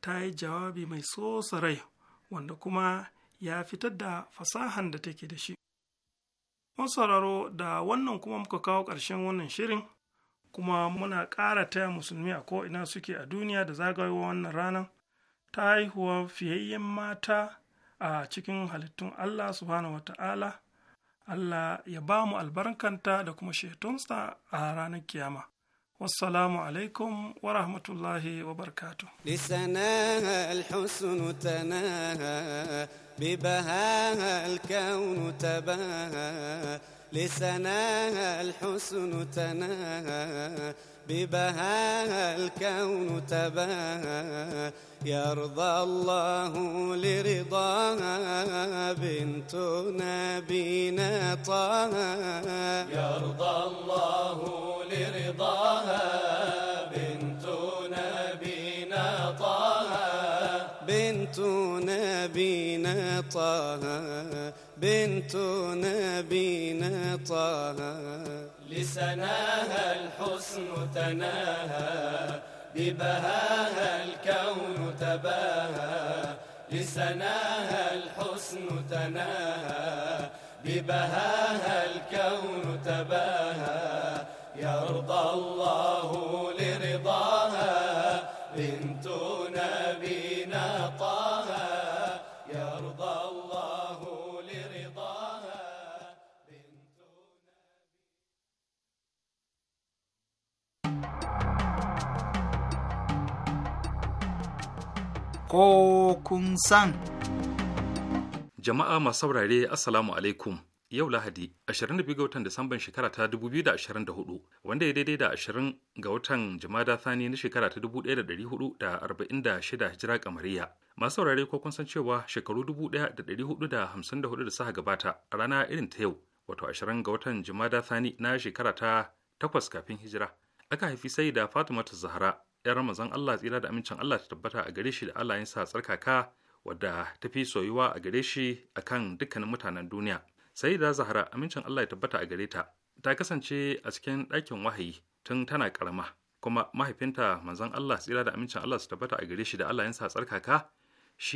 ta yi jawabi mai sosa rai wanda kuma ya fitar da fasahan da take da shi Mun sauraro da wannan kuma muka kawo ƙarshen wannan shirin kuma muna ƙara taya musulmi a ko'ina suke a duniya da zagayowa wannan ranar ta haihuwa fiyayyen mata a cikin halittun allah subhanahu ta'ala. Allah ya ba mu albarkanta da kuma shetunsa a ranar kiyama. والسلام عليكم ورحمة الله وبركاته لسناها الحسن تناها ببهاها الكون تباها لسناها الحسن تناها ببهاها الكون تباها يرضى الله لرضاها بنت نبينا طه يرضى الله لرضاها بنت نبينا طه بنت نبينا طه بنت نبينا طه لسناها الحسن تناها ببهاها الكون تباها لسناها الحسن تناها ببهاها الكون تباها يرضى الله ko kun san. Jama'a masu saurare Assalamu alaikum. Yau Lahadi, 22 ga watan Disamban shekara ta 2024, wanda ya daidai da 20 ga watan Jumada Thani na shekara ta 1446 Hijira kamariya. Masu saurare ko kun san cewa shekaru 1454 da suka gabata a rana irin ta yau, wato 20 ga watan Jumada Thani na shekara ta 8 kafin Hijira. Aka haifi sai da Fatima ta Zahra 'yar ramazan Allah tsira da amincin Allah ta tabbata a gare shi da Allah yin sa tsarkaka wadda ta fi soyuwa a gare shi a kan dukkanin mutanen duniya sai da zahara amincin Allah ya tabbata a gare ta ta kasance a cikin ɗakin wahayi tun tana ƙarama, kuma mahaifinta manzon Allah tsira da amincin Allah su tabbata a gare shi da Allah yin sa tsarkaka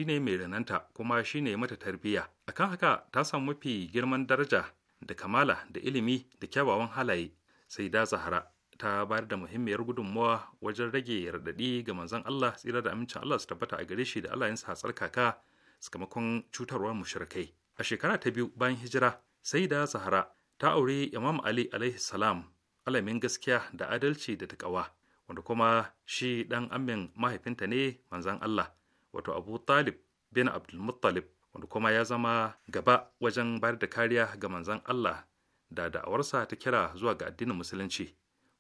ne mai renanta kuma shi ne mata tarbiyya akan haka ta samu mafi girman daraja da kamala da ilimi da kyawawan halaye sai da zahara ta bayar da muhimmiyar gudunmawa wajen rage raɗaɗi ga manzon Allah tsira da amincin Allah su tabbata a gare shi da yansa hatsar kaka sakamakon cutarwar mushrikai a shekara ta biyu bayan hijira sai da sahara ta aure imam ali alaihi salam alamin gaskiya da adalci da takawa wanda kuma shi dan amin mahaifinta ne Manzon Allah wato Abu Talib bin Abdul Muttalib wanda kuma ya zama gaba wajen bayar da kariya ga Manzon Allah da da'awarsa ta kira zuwa ga addinin musulunci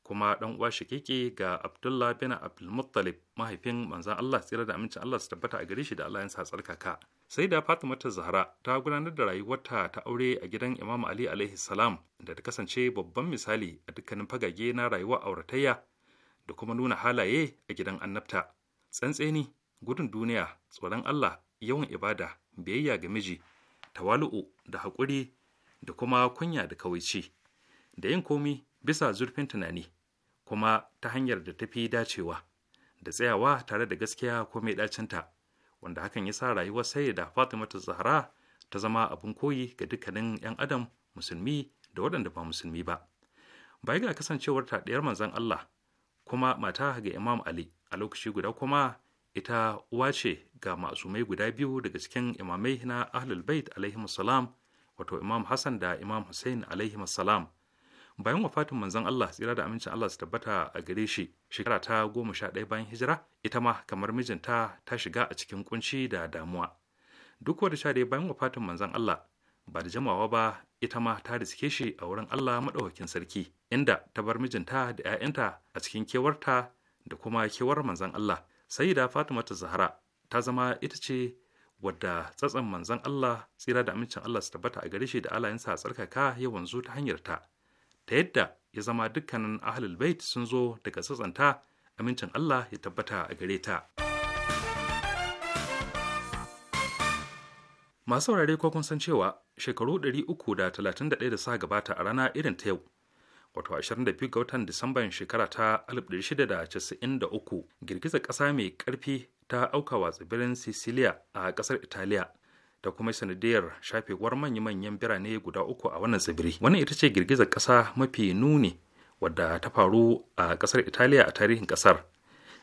kuma dan uwa shikiki ga Abdullah bin Abdulmuttalib mahaifin manzon Allah tsira da amincin Allah su tabbata a gare shi da Allah ya sa tsarkaka sai da Fatima ta Zahra ta gudanar da rayuwarta ta aure a gidan Imam Ali alaihi salam da ta kasance babban misali a dukkanin fagage na rayuwa auratayya da kuma nuna halaye a gidan annabta tsantseni gudun duniya tsoron Allah yawan ibada biyayya ga miji tawalu'u da hakuri da kuma kunya da kawaici da yin komi bisa zurfin tunani kuma ta hanyar da ta fi dacewa da tsayawa tare da gaskiya ko mai ɗacinta wanda hakan ya sa rayuwa sai da fatimatu zahra ta zama abin koyi ga dukkanin 'yan adam musulmi da waɗanda ba musulmi ba Ba ga kasancewar ta ɗayar manzan allah kuma mata ga imam ali a lokaci guda kuma ita uwa ce ga masumai guda biyu daga cikin imamai na ahlul bait alaihi wato imam hassan da imam hussein alaihi salam bayan wafatin manzon Allah tsira da amincin Allah su tabbata a gare shi shekara ta goma sha ɗaya bayan hijira ita ma kamar mijinta ta shiga a cikin kunci da damuwa duk wata sha ɗaya bayan wafatin manzon Allah ba da jamawa ba ita ma ta riske shi a wurin Allah maɗaukakin sarki inda ta bar mijinta da 'ya'yanta a cikin kewarta da kuma kewar manzon Allah sai da Fatima ta Zahra ta zama ita ce wadda tsatsan manzon Allah tsira da amincin Allah su tabbata a gare shi da alayensa a tsarkaka ya wanzu ta hanyar ta ta yadda ya zama dukkanin ahlul bait sun zo daga sassanta amincin Allah ya tabbata a gare ta. Masu saurare ko kun san cewa shekaru 331 da sa gabata a rana irin ta yau, wato 22 ga watan Disamban shekara ta 1693, girgizar ƙasa mai ƙarfi ta auka wa tsibirin Sicilia a ƙasar Italiya. da kuma sanadiyar shafewar manya-manyan birane guda uku a wannan tsibiri wannan ita ce girgizar ƙasa mafi nuni wadda ta faru a ƙasar italiya a tarihin ƙasar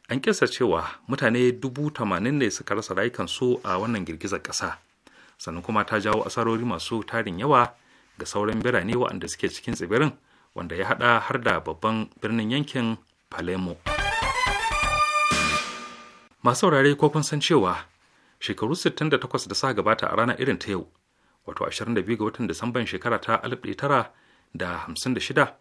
an kisa cewa mutane dubu tamanin ne suka rasa rayukansu a wannan girgizar ƙasa sannan kuma ta jawo asarori masu tarin yawa ga sauran birane waɗanda suke cikin tsibirin wanda ya haɗa har da babban birnin yankin palermo masu saurare ko kun san cewa shekaru 68 da sa gabata a rana irin ta yau wato 22 ga watan disamban shekara ta 1956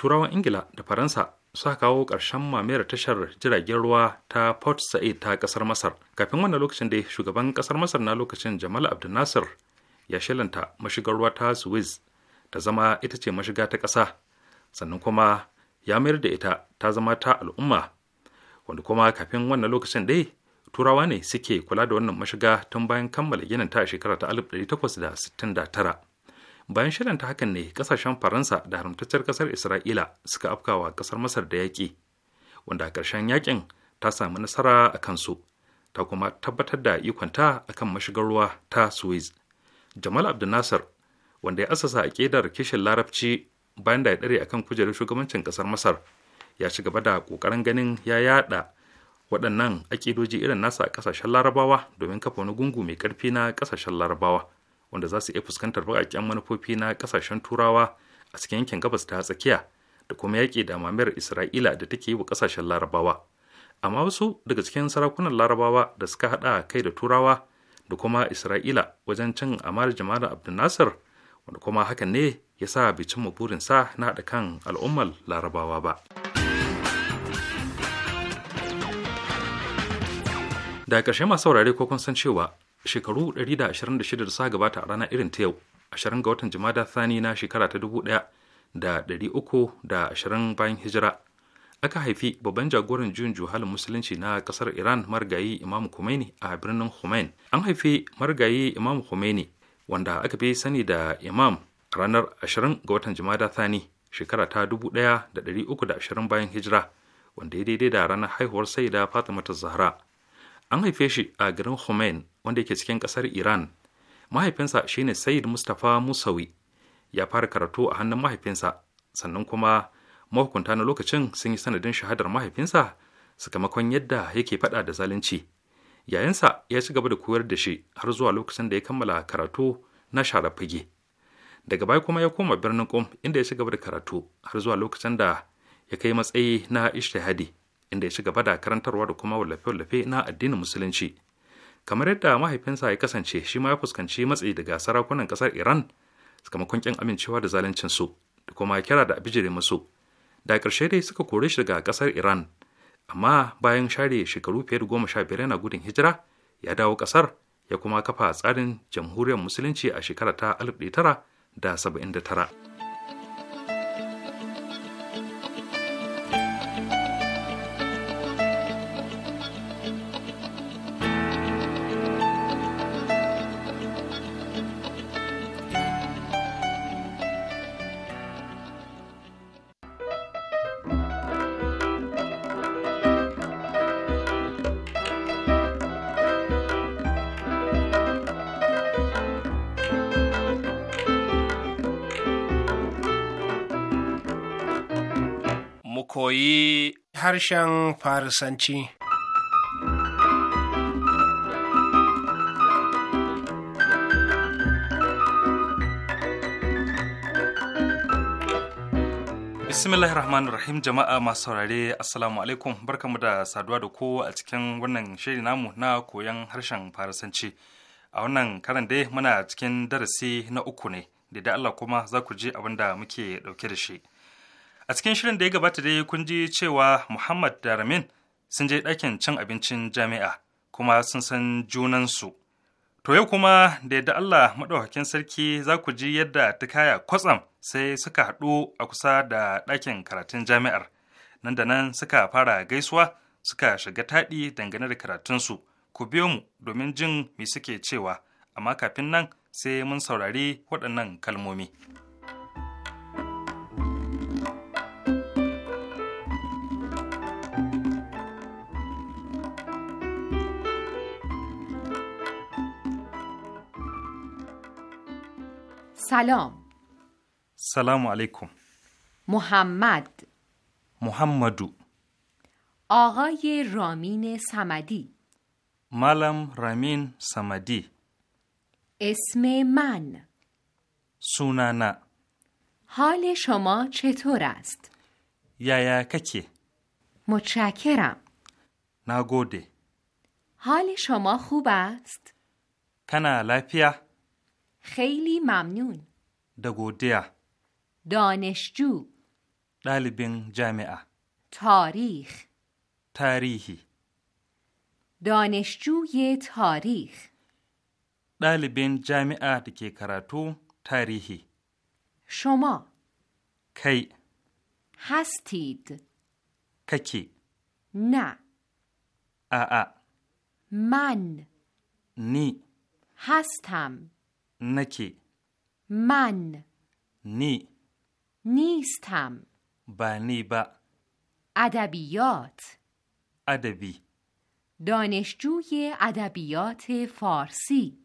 turawan ingila da faransa suka kawo ƙarshen mamayar tashar jiragen ruwa ta port said ta ƙasar masar kafin wannan lokacin dai shugaban ƙasar masar na lokacin jamal abdul ya shelanta mashigar ruwa ta suez ta zama ita ce mashiga ta ƙasa sannan kuma ya mayar da ita ta zama ta al'umma wanda kuma kafin wannan lokacin dai turawa ne suke kula da wannan mashiga tun bayan kammala ginin ta a shekara ta 1869 bayan shirin ta hakan ne kasashen faransa da haramtacciyar kasar isra'ila suka afkawa kasar masar da yaƙi wanda a ƙarshen yaƙin ta sami nasara a kansu ta kuma tabbatar da ikonta akan mashigar ruwa ta suez jamal abdulnasir wanda ya asasa a ƙedar kishin larabci bayan da ya ɗare akan kujerar shugabancin ƙasar masar ya ci gaba da ƙoƙarin ganin ya yada waɗannan aƙidoji irin nasa a ƙasashen larabawa domin kafa wani gungu mai ƙarfi na ƙasashen larabawa wanda za su iya fuskantar baƙaƙen manufofi na ƙasashen turawa a cikin yankin gabas ta tsakiya da kuma yaƙi da mamayar isra'ila da take yi wa ƙasashen larabawa amma wasu daga cikin sarakunan larabawa da suka haɗa kai da turawa da kuma isra'ila wajen cin amal jamal abdul nasir wanda kuma hakan ne ya sa bai cimma burinsa na haɗa kan al'ummar larabawa ba. da ƙarshe masu saurare ko kun san cewa shekaru 126 da suka gabata a ranar irin ta yau 20 ga watan jumada thani na shekara ta 1320 bayan hijira aka haifi babban jagoran juyin juhalin musulunci na ƙasar iran margayi imam khomeini a birnin khomein an haifi margayi imam khomeini wanda aka fi sani da imam ranar 20 ga watan da thani shekara ta ashirin bayan hijira wanda ya daidai da ranar haihuwar sai da fatima ta zahra an haife shi a garin Khomein wanda yake cikin kasar Iran. Mahaifinsa shine Said Mustapha Musawi ya fara karatu a hannun mahaifinsa sannan kuma mahukunta na lokacin sun yi sanadin shahadar mahaifinsa sakamakon yadda yake faɗa da zalunci. Yayansa ya ci gaba da koyar da shi har zuwa lokacin da ya kammala karatu na share fage. Daga baya kuma ya koma birnin Qom inda ya ci gaba da karatu har zuwa lokacin da ya kai matsayi na ishtihadi. inda ya ci gaba da karantarwa da kuma wallafe-wallafe na addinin musulunci kamar yadda mahaifinsa ya kasance shi ma ya fuskanci matsi daga sarakunan kasar iran sakamakon kin amincewa da zaluncin su da kuma kira da bijire musu da ƙarshe dai suka kore shi daga kasar iran amma bayan share shekaru fiye da goma sha biyar yana gudun hijira ya dawo kasar ya kuma kafa tsarin jamhuriyar musulunci a shekara ta 1979 harshen Farisanci. bismillahir rahmanir rahim jama'a masu saurare assalamu alaikum barkamu da saduwa da ku a cikin wannan shirin namu na koyon harshen farisanci a wannan karan dai muna cikin darasi na uku ne da da Allah kuma za ku je abin da muke dauke da shi a cikin shirin da ya gabata dai kun ji cewa muhammad da ramin sun je ɗakin cin abincin jami'a kuma sun san junansu to yau kuma da yadda allah maɗaukakin sarki za ku ji yadda ta kaya kwatsam sai suka haɗu a kusa da ɗakin karatun jami'ar nan da nan suka fara gaisuwa suka shiga taɗi dangane da karatunsu ku biyo mu domin jin me suke cewa amma kafin nan sai mun saurari waɗannan kalmomi. سلام سلام علیکم محمد محمدو آقای رامین سمدی ملم رامین سمدی اسم من سونانا حال شما چطور است؟ یا ککی متشکرم نگوده حال شما خوب است؟ کنا لپیه خیلی ممنون دگودیا. دانشجو دالبین جامعه تاریخ تاریخی دانشجوی تاریخ دالبین جامعه دکی کراتو تاریخی شما کی هستید ککی نه آآ من نی هستم نکی من نی نیستم بانی با ادبیات ادبی دانشجوی ادبیات فارسی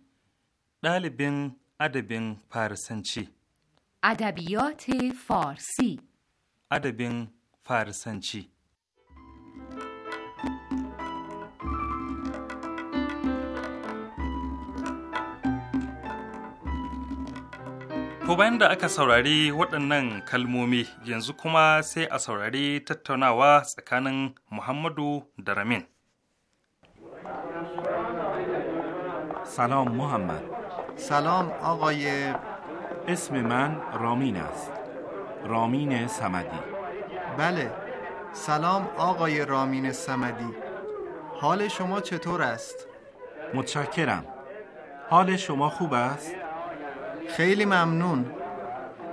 دالبین بله، ادبین فارسی ادبیات فارسی ادبین فارسنچی To bayan da aka saurari waɗannan kalmomi yanzu kuma sai a saurari tattaunawa tsakanin Muhammadu da سلام محمد سلام آقای اسم من رامین است رامین سمدی بله سلام آقای رامین سمدی حال شما چطور است؟ متشکرم حال شما خوب است؟ خیلی ممنون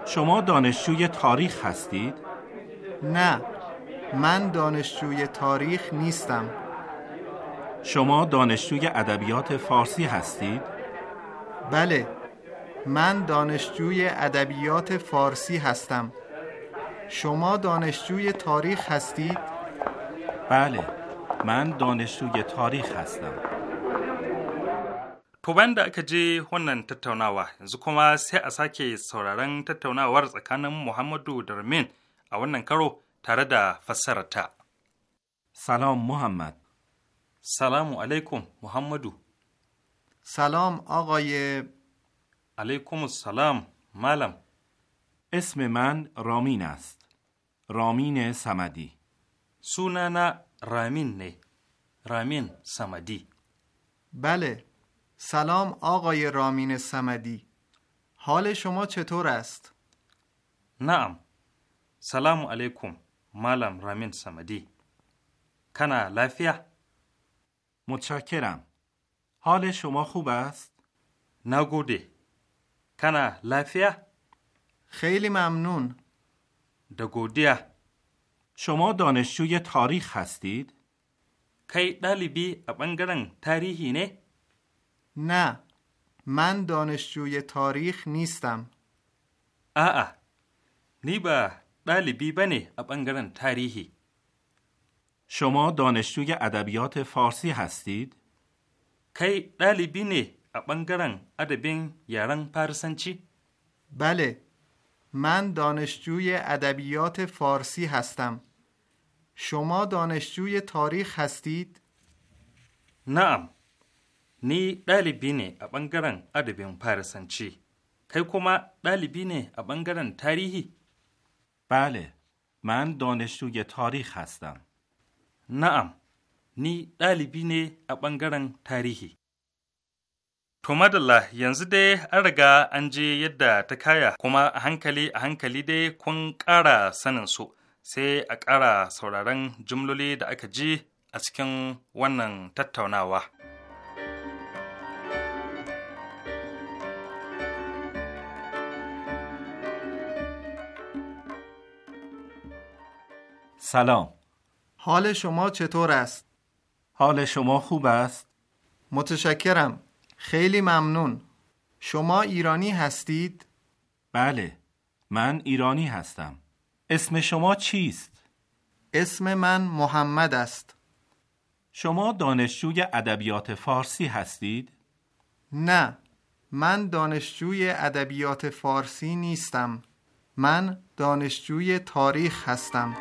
شما دانشجوی تاریخ هستید؟ نه من دانشجوی تاریخ نیستم شما دانشجوی ادبیات فارسی هستید؟ بله من دانشجوی ادبیات فارسی هستم شما دانشجوی تاریخ هستید؟ بله من دانشجوی تاریخ هستم To bayan da aka je wannan tattaunawa yanzu kuma sai a sake sauraron tattaunawar tsakanin Muhammadu da a wannan karo tare da fassararta. Salam Muhammad. Salamu alaikum Muhammadu. Salam agaye. Alaikum salam Malam. اسم من رامین است رامین سمدی سونانا رامین نه رامین سمدی بله سلام آقای رامین سمدی حال شما چطور است؟ نعم سلام علیکم مالم رامین سمدی کنا لافیه؟ متشکرم حال شما خوب است؟ نگوده کنا لافیه؟ خیلی ممنون دگودیه شما دانشجوی تاریخ هستید؟ کی دالی ا تاریخی نه؟ نه من دانشجوی تاریخ نیستم آه نی به بلی بی بنی تاریخی. تاریحی. شما دانشجوی ادبیات فارسی هستید؟ کی ɗalibi نه ا ɓangaren رنگ یارن چی؟ بله من دانشجوی ادبیات فارسی هستم شما دانشجوی تاریخ هستید؟ نعم Ni ɗalibi ne a ɓangaren adabin Farisanci, kai kuma ɗalibi ne a ɓangaren tarihi? Bale, man دانشجوی tarihi هستم. na'am, ni ɗalibi ne a ɓangaren tarihi. To madalla yanzu dai an riga an je yadda ta kaya kuma a hankali a hankali dai kun ƙara sanin su sai a ƙara sauraron jimloli da aka ji a cikin wannan tattaunawa. سلام حال شما چطور است؟ حال شما خوب است؟ متشکرم خیلی ممنون شما ایرانی هستید؟ بله من ایرانی هستم اسم شما چیست؟ اسم من محمد است شما دانشجوی ادبیات فارسی هستید؟ نه من دانشجوی ادبیات فارسی نیستم من دانشجوی تاریخ هستم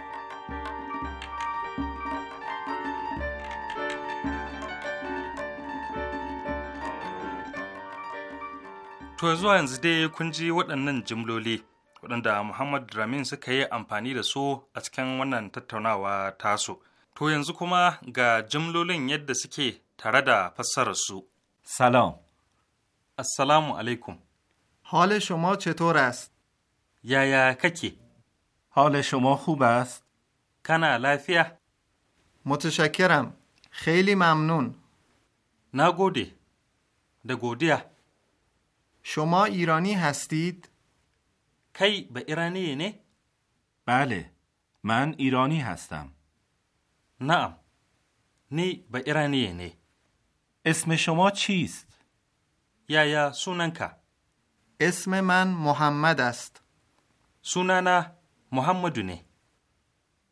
To zuwa yanzu dai kun ji waɗannan jimloli waɗanda Muhammad Ramin suka yi amfani da su a cikin wannan tattaunawa taso. To yanzu kuma ga jimlolin yadda suke tare da fassararsu. Salam. Assalamu alaikum. حال شما ce Yaya kake? Hale shuma شما کنه لافیه متشکرم خیلی ممنون نگودی دگودیه شما ایرانی هستید؟ کی به ایرانی نه؟ بله من ایرانی هستم نه نی به ایرانی نه اسم شما چیست؟ یا یا سوننکا اسم من محمد است سونانا محمدونه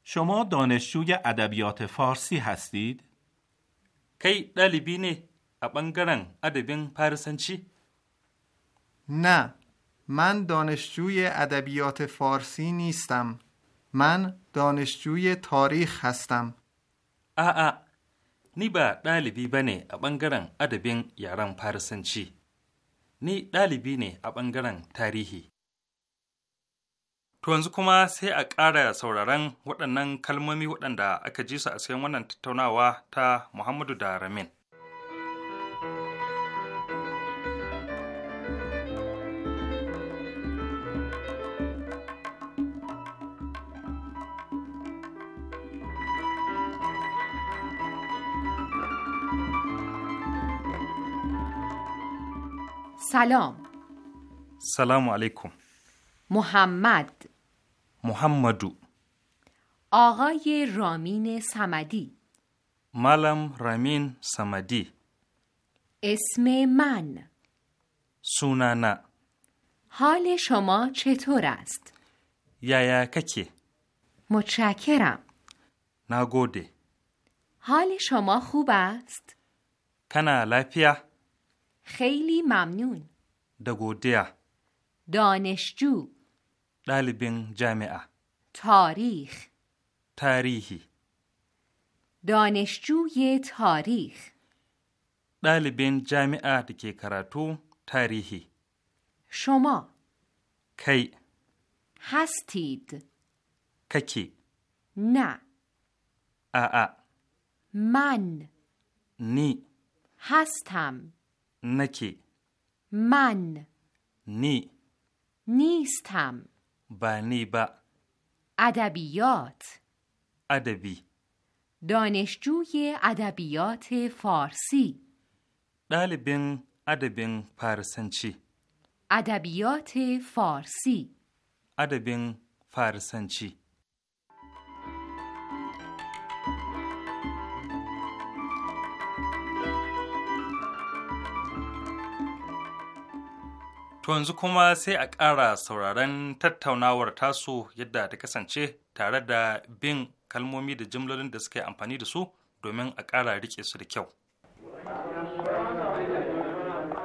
شما دانشجوی ادبیات فارسی هستید؟ کی دلیبی نه ابنگرن ادبین پرسنچی؟ نه من دانشجوی ادبیات فارسی نیستم من دانشجوی تاریخ هستم آآ نی نی دالبی دلیبی بنه a ادبین یاران پرسنچی؟ نی دلیبی نه ا تاریخی To yanzu kuma sai a ƙara sauraron waɗannan kalmomi waɗanda aka ji su a cikin wannan tattaunawa ta Muhammadu da Ramin. سلام سلام علیکم محمد محمدو آقای رامین سمدی ملم رامین سمدی اسم من سونانا حال شما چطور است؟ یایا ککی متشکرم نگوده حال شما خوب است؟ کنا لپیا خیلی ممنون دگودیا دانشجو دالبین جامعه تاریخ تاریخی دانشجوی تاریخ دالبین جامعه دکی کراتو تاریخی شما کی هستید ککی نه آ من نی هستم نکی من نی نیستم با با ادبیات ادبی دانشجوی ادبیات فارسی طالبین ادبین فارسنچی ادبیات فارسی ادبین فارسنچی To yanzu kuma sai a ƙara sauraron tattaunawar tasu yadda ta kasance tare da bin kalmomi da jimlolin da suke amfani da su domin a ƙara riƙe su da kyau.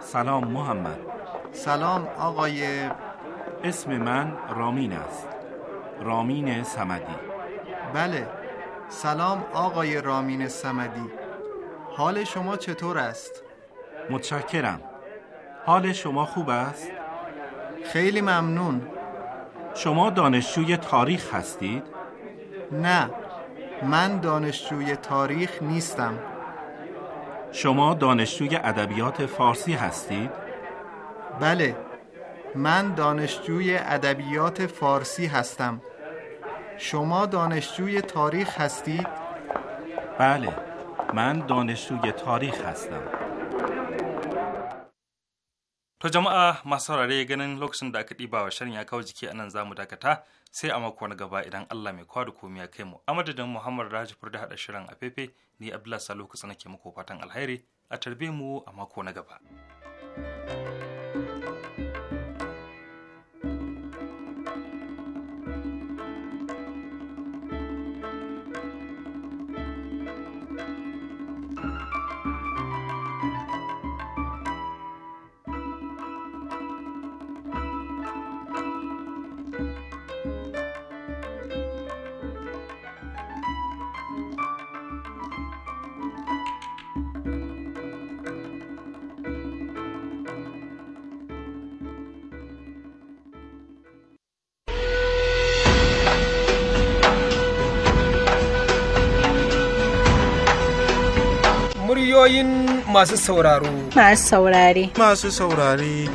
سلام محمد سلام آقای اسم من رامین است رامین سمدی بله سلام آقای رامین سمدی حال شما چطور است؟ متشکرم حال شما خوب است؟ خیلی ممنون شما دانشجوی تاریخ هستید؟ نه من دانشجوی تاریخ نیستم شما دانشجوی ادبیات فارسی هستید؟ بله من دانشجوی ادبیات فارسی هستم شما دانشجوی تاریخ هستید؟ بله من دانشجوی تاریخ هستم To jama'a masu saurare ganin lokacin da aka ɗiba wa shirin ya kawo jiki a nan zamu dakata sai a mako na gaba idan Allah mai kwa da komai ya kai mu. A madadin Muhammad Rajifur da haɗa shirin a fefe ni Abdullahi Salo kusa nake muku fatan alheri a tarbe mu a mako na gaba. thank you muryoyin masu sauraro. Masu saurare. Masu saurare.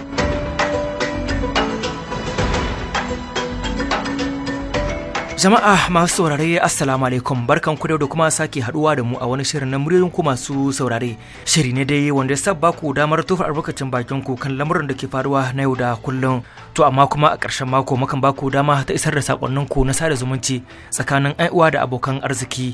Jama'a masu saurare Assalamu alaikum barkan ku da kuma sake haduwa da mu a wani shirin na muryoyin ku masu saurare. Shiri ne dai wanda ya ba ku damar tofa albarkacin bakin ku kan lamurin da ke faruwa na yau da kullum. To amma kuma a ƙarshen mako mukan ba ku dama ta isar da sakonnin ku na sada zumunci tsakanin ai'uwa da abokan arziki.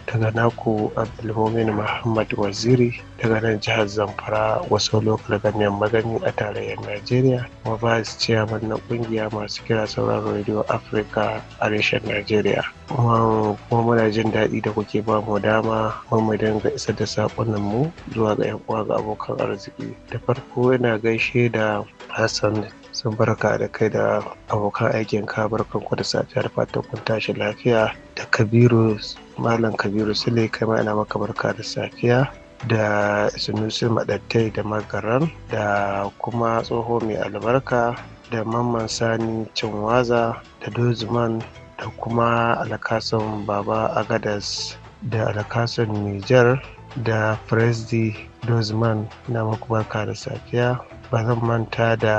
daga naku abdulmumin muhammad waziri daga nan jihar zamfara wasu lokal ganyen magani a tarayyar najeriya kuma vice chairman na kungiya masu kira sauran radio africa a reshen najeriya kuma muna jin daɗi da kuke ba mu dama mu dinga isar da saƙonan mu zuwa ga 'yan uwa ga abokan arziki da farko yana gaishe da hassan sun barka da kai da abokan aikin ka barkan ku da safiyar fatan kun tashi lafiya da kabiru malam kabiru sule kai ma ina maka barka da safiya da sunusi madattai da magaran da kuma tsoho mai albarka da mamman sani cinwaza da dozman da kuma alakasan baba agadas da alakasan Nijar da presdi dozman na muku barka da safiya ba zan manta da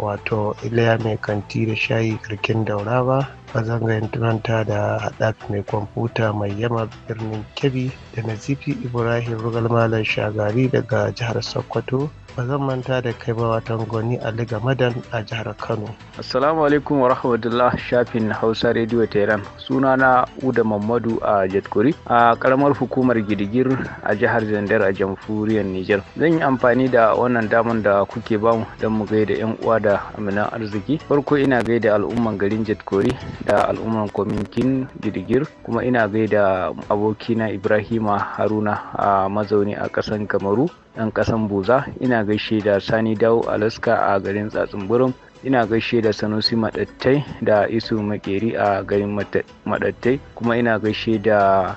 wato iliya mai kanti da shayi karkin daura ba ba zan manta da haɗaf mai kwamfuta mai yama birnin kebbi da nazifi ibrahim rugal malam shagari daga jihar sokoto ba zan manta da kai ba watan gwani Ali Gamadan a jihar Kano. Assalamu alaikum wa rahmatullah shafin Hausa Radio Tehran. Suna na Uda Mamadu a Jatkuri a karamar hukumar Gidigir a jihar Zandar a jamhuriyar Nijar. Zan yi amfani da wannan daman da kuke bamu don mu gaida yan uwa da aminan arziki. Farko ina gaida al'umman garin Jatkuri da al'umman kwamitin girgir kuma ina gaida abokina ibrahima haruna a mazauni a ƙasan kamaru ɗan ƙasan buza ina gaishe da sani dawo alaska a garin tsatsunburum ina gaishe da sanusi madattai da isu makeri a garin madattai kuma ina gaishe da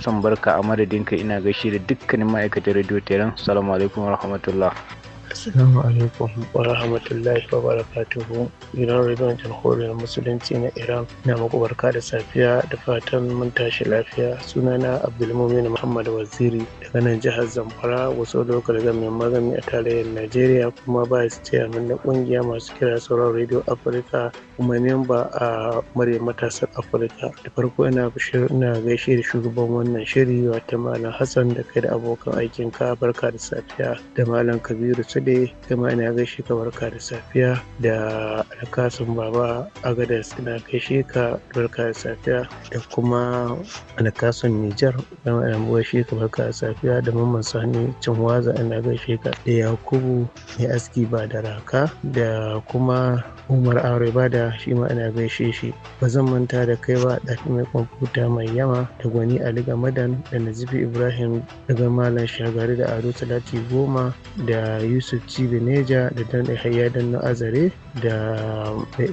Hassan Barka a madadinka ina gaishe da dukkanin ma'aikatan Radio Teran. Salamu alaikum wa rahmatullah. Assalamu alaikum wa rahmatullahi wa barakatuhu. Gidan rediyon jamhuriyar musulunci na Iran na muku barka da safiya da fatan mun tashi lafiya. Sunana Abdulmumin Muhammad Waziri daga nan jihar Zamfara wasu lokal game magani a tarayyar Najeriya kuma ba su ce min na kungiya masu kira sauran rediyo Afirka kuma memba a murya matasan Afirka. Da farko ina ina gaishe da shugaban wannan shiri wata Malam Hassan da kai da abokan aikinka barka da safiya da Malam Kabiru Sule kuma ina gaishe ka barka da safiya da alkasun baba agadas ina gaishe ka barka da safiya da kuma alkasun Nijar kuma ina gaishe ka barka da safiya da mamman sani waza ina gaishe ka da Yakubu mai aski ba da raka da kuma Umar Aure Bada shi ma ina gaishe shi. Ba zan manta da kai ba ɗafi mai kwamfuta mai yama da gwani Ali Gamadan da Nazifi Ibrahim daga Malam Shagari da Ado Talati Goma da Yusuf Cibi Neja da Dan ihaya Dan Azare da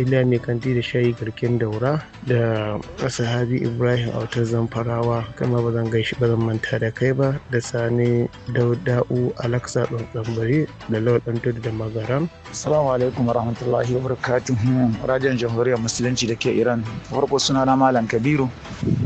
da mai kanti da shayi garkin daura da sahabi ibrahim autar zamfarawa kama ba zan gaishe ba zan manta da kai ba da sani dauda'u alaksa tsambari da lauɗan tudu da magaram assalamu alaikum warahmatullahi wabarakatuh rajin jamhuriyar musulunci da ke iran farko suna na malam kabiru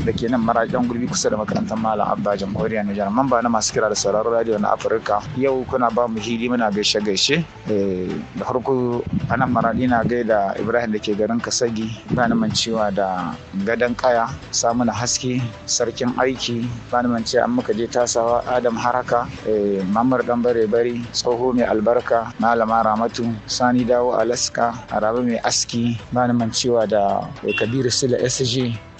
da ke nan marajan gurbi kusa da makarantar malam abba jamhuriyar nijar mamba na masu kira da sauraron radiyo na afirka yau kuna ba mu hili muna gaishe gaishe eh, da farko a nan maradi na gaida ibrahim da ke garin kasagi bani mancewa da gadon kaya samuna haske sarkin aiki ni mancewa an muka je tasawa adam haraka eh, mamar dan bare bari tsoho mai albarka malama ramatu sani dawo alaska arabe mai aski bani mancewa da eh, kabiru sila sg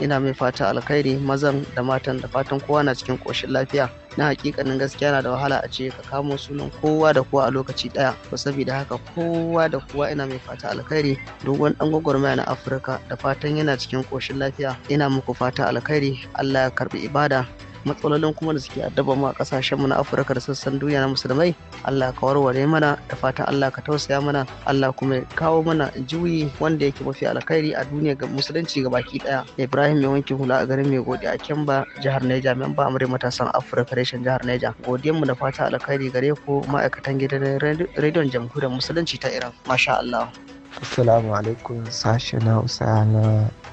ina mai fata alkhairi mazan da matan da fatan kowa na cikin koshin lafiya na hakikanin gaskiya na da wahala a ce ka kamo sunan kowa da kowa a lokaci ɗaya. ba saboda haka kowa da kowa ina mai fata alkhairi duk wani dan gwagwarmaya na afirka da fatan yana cikin koshin lafiya ina muku fata alkhairi allah ya karɓi ibada matsalolin kuma da suke addaba mu a kasashen mu na Afirka da sassan duniya na musulmai Allah ka warware mana da fatan Allah ka tausaya mana Allah kuma ya kawo mana juyi wanda yake mafi alkhairi a duniya ga musulunci ga baki daya Ibrahim ya wanke hula a garin mai godiya a Kemba jihar Niger memba amurai matasan Afirka reshen jihar Niger godiyan mu da fatan alkhairi gare ku ma'aikatan gidan rediyon jamhuriyar musulunci ta Iran masha Allah Assalamu alaikum sashe na usa na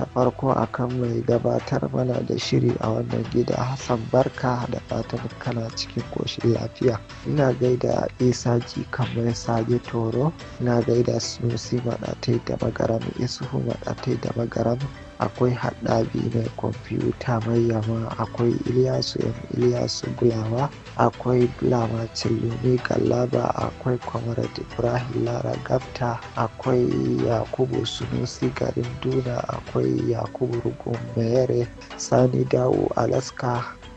ta farko akan mai gabatar mana da shiri a wannan gida hassan barka da fatan kana cikin koshin lafiya ina gaida isa ji kamar sage toro ina gaida sunusi maɗatai da magaram isuhu maɗatai da magaram akwai haɗabi mai kwamfuta mai yama akwai iliyasu yan iliyasu gulawa akwai bulama cilomi galaba akwai kwamarat ibrahim lara gafta akwai yakubu sunusi garin duna akwai yakubu rugun mayere sani dawo alaska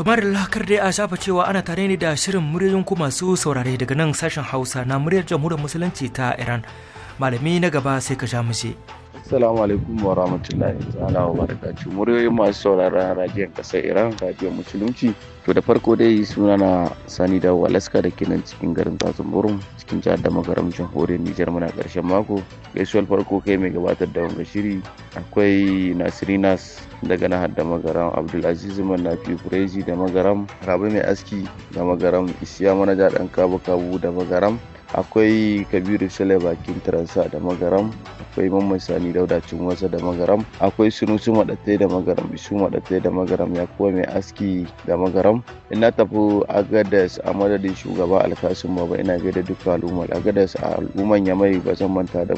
tumarilla kar dai a shafa cewa ana tare ne da shirin muryoyin ku masu saurare daga nan sashen hausa na muryar jamhuriyar musulunci ta iran malami na gaba sai ka sha mushe. Assalamu alaikum wa rahmatullahi wa barakatuh. Muryoyin masu sauraron radiyon kasar Iran, radiyon musulunci to da farko dai suna na sani da walaska da ke nan cikin garin tatsun burin cikin jihar da magaram jamhuriyar nijar muna karshen mako gaisuwar farko kai mai gabatar da wanga shiri akwai nasirinas daga nahar da magaram abdulaziz manafi kureji da magaram rabi mai aski da magaram isiya manaja dan kabu kabu da magaram akwai kabiru sale bakin taransa da magaram akwai mamman sani daudacin wasa da magaram akwai Sun maɗatai da magaram maɗatai da magaram ya kuwa mai aski da magaram ina tafi agadas a madadin shugaba alkasun baba ina gaida duk al'ummar agadas a al'umman mai ba zan manta da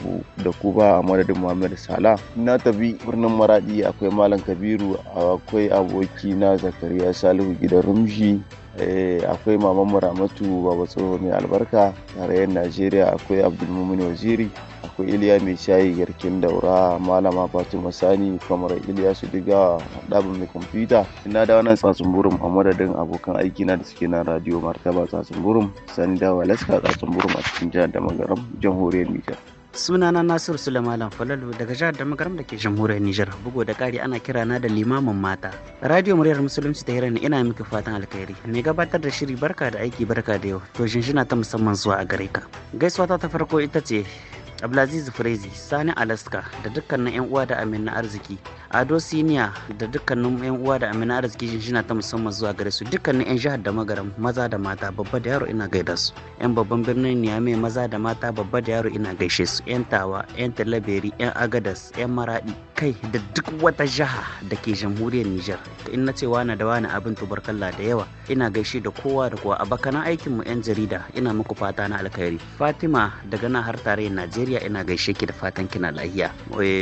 ku ba a madadin muhammad sala ina tafi birnin maradi akwai malam kabiru akwai aboki na zakariya salihu gidan rumshi Eh, akwai maman muramatu baba tsoho mai albarka tarayyar najeriya akwai abdulmumin waziri akwai iliya mai shayi garkin daura malama fatima sani kamar iliya su diga ɗabin mai kwamfuta ina da wannan tsatsun burum a madadin abokan aiki na da suke na radio martaba tsatsun burum sani dawa laska tsatsun burum a cikin jihar da magaram jamhuriyar nijar sunana nasiru sulaiman falalu daga jihar damagaram da ke jamhuriyar Niger, bugu da kari ana kira na da limamin mata radio muryar musulunci ta Hirani ina miki fatan alkhairi mai gabatar da shiri barka da aiki barka da yau to shinshina ta musamman zuwa a gare ka gaisuwa ta farko ita ce abdulaziz frezi sani alaska da dukkanin yan uwa da amin na arziki ado siniya da dukkanin yan uwa da amina arziki jinjina ta musamman zuwa gare su dukkanin yan jihar da magaram maza da mata babba da yaro ina gaida su yan babban birnin mai maza da mata babba da yaro ina gaishe su yan tawa yan talaberi yan agadas yan maradi kai da duk wata jiha da ke jamhuriyar nijar in na ce wani da wani abin tubarkalla da yawa ina gaishe da kowa da kowa aikin mu yan jarida ina muku fata na alkhairi fatima daga nan har tarayyar najeriya ina gaishe ki da fatan kina lahiya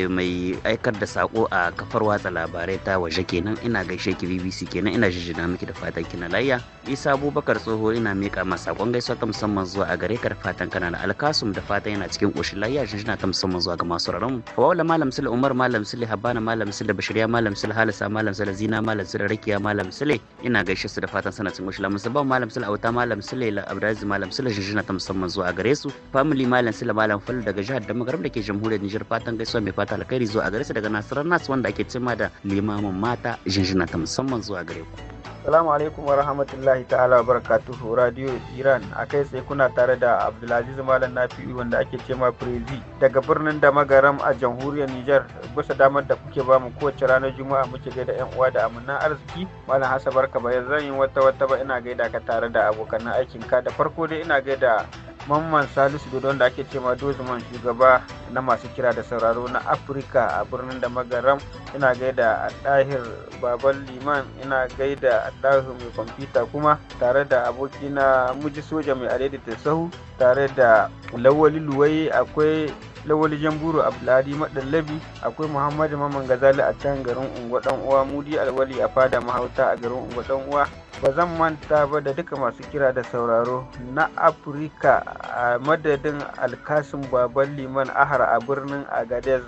mai aikar da sako a kafar watsa labarai ta waje kenan ina gaishe ki BBC kenan ina jijjina miki da fatan kina layya Isa Abubakar tsoho ina mika ma sakon gaisuwa ta musamman zuwa a gare ka da fatan kana da alkasum da fatan yana cikin koshin layya jijjina ta musamman zuwa ga masu raron Fawala Malam Sule Umar Malam Sule Habana Malam Sule Bashiriya Malam Sule Halisa Malam Sule Zina Malam Sule Rakiya Malam Sule ina gaishe su da fatan sana cikin koshin layya musamman Malam Sule Auta Malam Sule Abdulaziz Malam Sule jijjina ta musamman zuwa a gare su family Malam Sule Malam Fallu daga jihar Damagaram da ke jamhuriyar Nijar fatan gaisuwa mai fata alkhairi zuwa a gare su daga Nasarar Nas wanda ake cima da limamin mata jinjina ta musamman zuwa gare ku. Salamu alaikum wa rahmatullahi ta'ala wa barakatuhu Radio Iran a kai sai kuna tare da Abdulaziz Malam Nafi'u wanda ake cema ma Prezi daga birnin da magaram a jamhuriyar Nijar bisa damar da kuke bamu kowace ranar Juma'a muke gaida yan uwa da amanan arziki Malam Hassan barka bayan zan yi wata wata ba ina gaida ka tare da abokan aikin ka da farko dai ina gaida Mamman Salisu Dodon da ake cewa Dozman shugaba na masu kira da sauraro na Afirka a birnin da magaram ina gaida a ɗahir baban liman ina gaida a ɗahir mai kwamfuta kuma tare da abokina muji soja mai da sahu tare da lawali luwai akwai lawali jamburu abdulhadi madallabi akwai muhammadu mamman gazali a can garin unguwa dan uwa mudi alwali a fada mahauta a garin unguwa dan uwa ba zan manta ba da duka masu kira da sauraro na afirka a madadin alkasin baban liman ahara a birnin agadez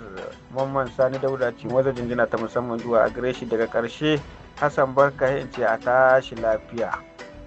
mamman sani dauda ce waza jinjina ta musamman zuwa a gare shi daga karshe hassan barka ya ce a tashi lafiya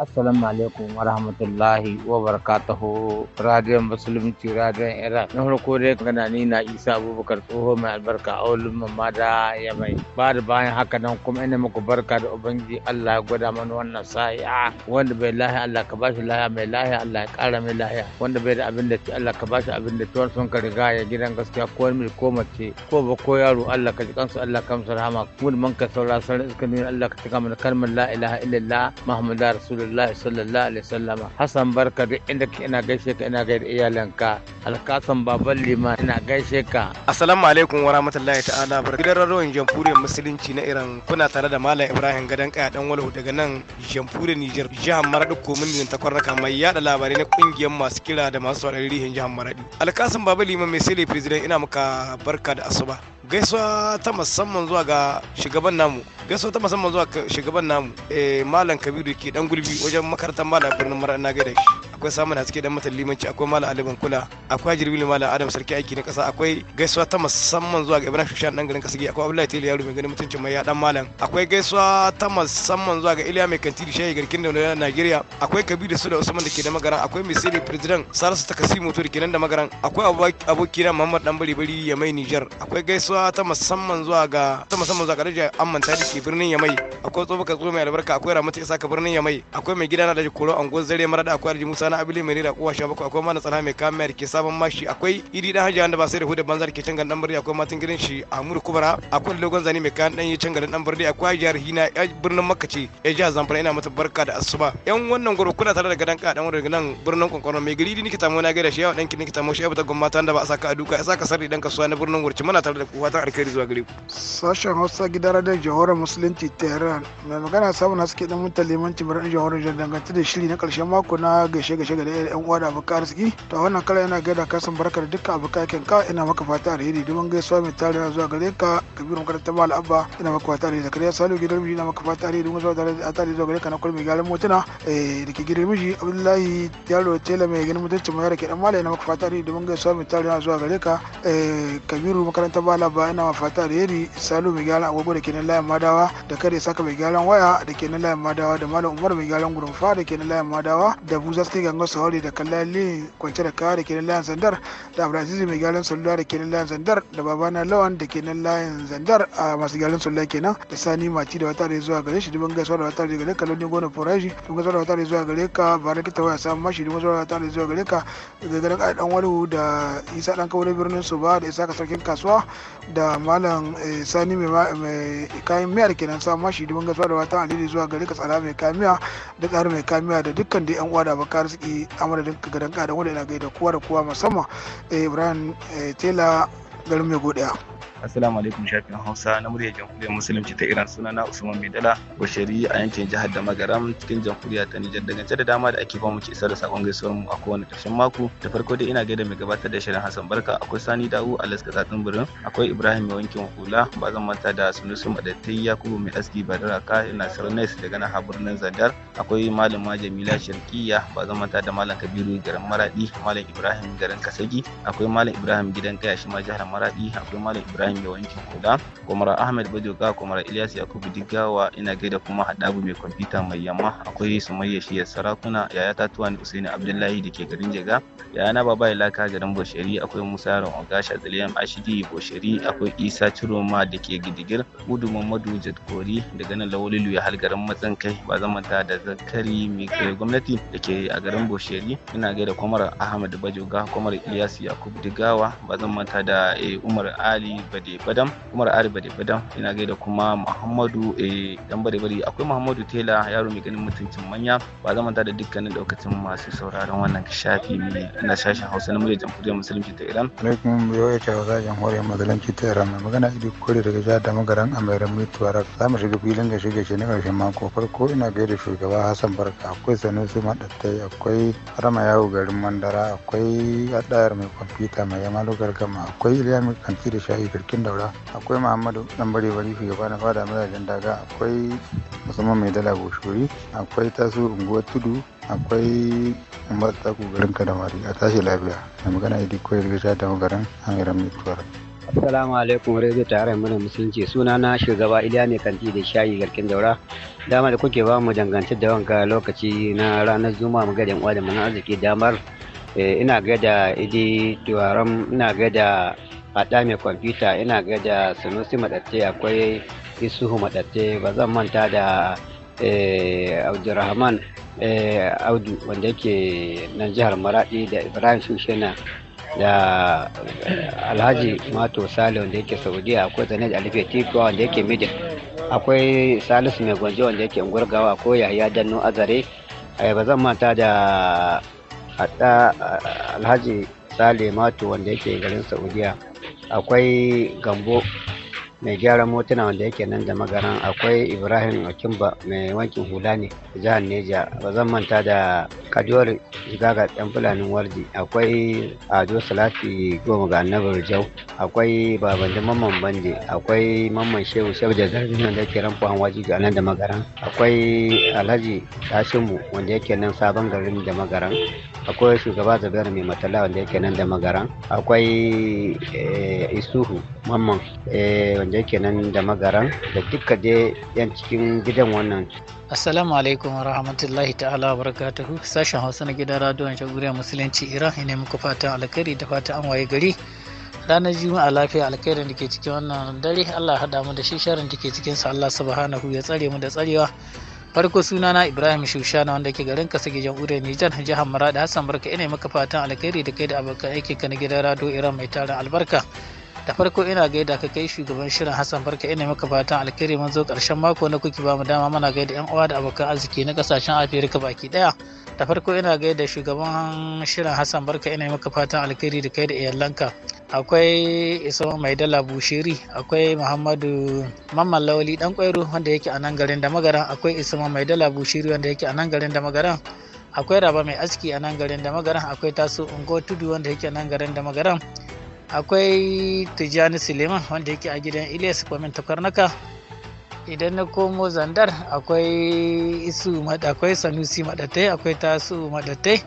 assalamu alaikum wa rahmatullahi wa barakatuhu radiyon musulunci radiyon iran na farko dai gana ni na isa abubakar tsoho mai albarka a wulin mamma da ya mai ba da bayan haka nan kuma ina muku barka da ubangi allah ya gwada mana wannan sa'i'a wanda bai lahiya allah ka bashi lahiya mai lahiya allah ya kara mai lahiya wanda bai da abin da ci allah ka bashi abin da ci wani sun ka riga ya gidan gaskiya ko wani ko mace ko ba ko yaro allah ka ji kansu allah ka musu rahama Mun man ka saurara sanar iska nuna allah ka cika mana kalmar la ilaha illallah muhammadu rasulullah rasulullahi sallallahu alaihi wasallama hassan barka duk inda ina gaishe ka ina gaida iyalanka alkasan baban liman ina gaishe ka assalamu alaikum wa rahmatullahi ta'ala bar gidan rarrawan jamhuriyar musulunci na iran kuna tare da malam ibrahim gadan kaya dan walau daga nan jamhuriyar niger jihar maradi komin ta kwarraka mai yada labarai na kungiyar masu kira da masu sauraron rihin jihar maradi alkasan baban liman mai sele president ina maka barka da asuba gaisuwa ta musamman zuwa ga shugaban namu gaisuwa ta musamman zuwa ga shugaban namu eh malam kabiru ke dan gulbi wajen makarantar malam birnin mara na gaida shi akwai samun haske dan matan limanci akwai malam aliban kula akwai jirbili malam adam sarki aiki na kasa akwai gaisuwa ta musamman zuwa ga ibrahim shushan dan garin kasige akwai abdullahi tele yaro mai ganin mutunci mai ya dan malam akwai gaisuwa ta musamman zuwa ga iliya mai kantiri shayi garkin daula na nigeria akwai kabiru su da usman da ke da magaran akwai misiri president salisu takasimu to da ke nan da magaran akwai abokina muhammad dan bari bari ya mai niger akwai gaisuwa gaisuwa ta musamman zuwa ga ta musamman zuwa ga Raja Amman da ke birnin Yamai akwai tsofaka tsofa mai albarka akwai ramata Isa ka birnin Yamai akwai mai gidana da Koro Angon Zare Mara da akwai Alhaji Musa na Abili mai rira kowa 17 akwai Mana Tsana mai kamar ke sabon mashi akwai Idi dan Hajiya da ba sai da hudu banzar ke tangan dan birni akwai matan gidan shi Amur Kubara akwai Logon Zani mai kayan dan yi tangan dan birni akwai Jihar Hina birnin Makace ya jihar Zamfara ina mata barka da asuba yan wannan gurbin kuna tare da gadan ka dan wurin nan birnin Kwankwanon mai gari ni kitamo na gaida shi yawa dan ki ni kitamo shi ya bata gwamnati da ba a saka a duka ya saka sarri dan kasuwa na birnin Wurci muna tare da kuwa fatan alkhairi zuwa gare ku sashen hausa gida radar jihohar musulunci tehran mai magana samu na suke dan mutan limanci birnin jihohar jihar dangantar da shiri na karshen mako na gaishe gaishe ga yan uwa da abokan arziki to wannan kala yana gaida kasan barkar dukkan abokan aikin ka ina maka fata alheri domin gaisuwa mai tarewa zuwa gare ka kabiru makarantar mal abba ina maka fata alheri zakariya salu gidan miji ina maka fata alheri domin zuwa da tare zuwa gare ka na mai galan motuna eh, da ke gidan miji abdullahi yaro tela mai ganin mutuncin mai yara ke dan mala ina maka fata alheri domin gaisuwa mai tarewa zuwa gare ka eh, kabiru makarantar mal ba yana mafata da alheri salu mai gyaran agogo da kenan layan madawa da kare saka mai gyaran waya da kenan layan madawa da malam umar mai gyaran gurumfa da kenan layan madawa da buza sai gangan sahori da kallali kwance da kaya da ke nan zandar da abdulaziz mai gyaran salula da kenan layan zandar da babana lawan da kenan layan zandar a masu gyaran salula kenan da sani mati da wata zuwa gare shi dubin gaisuwa da wata gare ka launin gona furashi dubin gaisuwa da wata zuwa gare ka ba na kita waya samun mashi dubin gaisuwa da wata zuwa gare ka gagarin dan walu da isa dan kawo birnin su ba da isa ka sarkin kasuwa da malam eh, sani mai kayan miya da kenan sa mashi dubin gasuwa da watan alheri zuwa gari ka tsara mai kamiya miya da tsara mai kayan miya da dukkan da yan uwa da baka arziki amadadin ka gadan da wanda gaida kowa da kowa musamman eh, ibrahim eh, tela garin mai godiya Assalamu alaikum shafin Hausa na muryar jamhuriyar musulunci ta Iran suna na Usman Maidala Bashari a yankin jihar da Magaram cikin jamhuriya ta Nijar dangance da dama da ake ba ke isar da sakon gaisuwar mu a kowane ƙarshen mako da farko dai ina gaida mai gabatar da shirin Hassan Barka akwai Sani Dawu Alaska Tsatsin Birin akwai Ibrahim mai wankin hula ba zan manta da Sunusu Madatai Yakubu mai aski ka? ina Sarnes daga nan birnin Zadar akwai Malam Jamila Sharkiya ba zan manta da Malam Kabiru garin Maradi Malam Ibrahim garin Kasagi akwai Malam Ibrahim gidan kaya shi ma jihar Maradi akwai Malam Ibrahim Ibrahim yawancin wankin hula, Kwamara Ahmed Bajoga, Kwamara Ilyas Yakubu Digawa, ina gaida kuma Haɗabu mai kwamfuta mai yamma, akwai Sumayya Shiyar Sarakuna, yaya Tatuwa Usaini Abdullahi da ke garin Jega, yaya na Baba Ilaka garin Bosheri, akwai Musa Yaron Ogasha Zaliyan Ashidi Bosheri, akwai Isa Ciroma da ke Gidigir, Udu Mamadu Jadkori daga nan Lawalilu ya halgarin matsan kai ba zamanta da zakari mai gwamnati da ke a garin Bosheri, ina gaida Kwamara Ahmed Bajoga, Kwamara Ilyas Yakubu Digawa, ba zamanta da eh, Umar Ali ba bade badam umar ari bade badam ina gaida kuma muhammadu eh dan bade bade akwai muhammadu tela yaro mai ganin mutuncin manya ba zama da dukkanin daukacin masu sauraron wannan shafi ne na sashen hausa na muryar jamhuriyar musulunci ta iran alaikum yau ta hausa jamhuriyar musulunci ta iran magana idi kore daga jihar da magaran amairan mutuwar za mu shiga filin da shige shi na karshen mako farko ina gaida shugaba hassan barka akwai sanusi madattai akwai harama yawo garin mandara akwai adayar mai kwamfuta mai yama lokar akwai iliya mai kanti da shayi cikin daura akwai muhammadu dan barebari shugaba na fada mazajen daga akwai musamman mai dala goshori akwai taso unguwar tudu akwai umar taku garin kadamari a tashi lafiya da magana idi koyar gita da garin hangiran mutuwar Assalamu alaikum radio tare mana musulunci suna na shugaba Iliya ne kanti da shayi garkin daura dama da kuke ba mu dangantar da wanka lokaci na ranar juma'a mu gadan uwa da mana arziki damar eh, ina gaida idi tuwaron ina gaida haɗa mai kwamfuta ina gaida sanusi madatte akwai isuhu madatte ba zan manta da eh, abdurrahman eh, audu wanda yake nan jihar maraɗi da ibrahim shushena da eh, alhaji mato sale wanda yake saudiya akwai da alife tikuwa wanda yake midin akwai salisu mai gwanjo wanda yake gurgawa ko yahaya danno azare ba zan manta da alhaji sale mato wanda yake garin saudiya akwai gambo mai gyaran motuna wanda yake nan da magaran akwai ibrahim akimba mai wankin hula ne jihar neja ba zan manta da kaduwar jigaga yan fulanin wardi akwai ado salafi goma ga annabar jau akwai da mamman bande akwai mamman shehu shehu da zargin wanda yake ran fuhan waji ga nan da magaran akwai alhaji tashinmu wanda yake nan sabon garin da magaran akwai shugaba zabiyar mai matala wanda yake nan da magaran akwai eh, isuhu mamman eh, wanda yake nan da magaran da duka dai yan cikin gidan wannan Assalamu alaikum wa rahmatullahi ta'ala wa barakatuhu sashen Hausa na gidan radiyon jamhuriyar musulunci Iran ne muku fatan alkhairi da fatan an waye gari ranar juma'a lafiya alkhairin da ke cikin wannan dare Allah haɗa mu da shi sharin da ke cikin sa Allah subhanahu ya tsare mu da tsarewa farko sunana Ibrahim Shushana wanda ke garin kasa Kasige jamhuriyar Nijar jihar Maradi Hassan Barka ina maka fatan alkhairi da kai da abokan aiki ka na gidan radiyo Iran mai tarin albarka da farko ina gaida ka kai shugaban shirin hassan barka ina maka fatan alkhairi mun zo karshen mako na kuki ba mu dama Muna gaida yan uwa da abokan arziki na kasashen afirka baki daya da farko ina gaida shugaban shirin hassan barka ina maka fatan alkhairi da kai da iyalanka akwai iso maidala bushiri akwai muhammadu mamman lawali dan kwairo wanda yake a nan garin da magaran akwai iso maidala bushiri wanda yake a nan garin da magaran akwai raba mai aski a nan garin da magaran akwai taso ungo tudu wanda yake a nan garin da magaran akwai tijjani suleiman wanda yake a gidan ilyas kwamin takwarnaka idan na komo zandar akwai isu akwai sanusi madatai akwai tasu madatai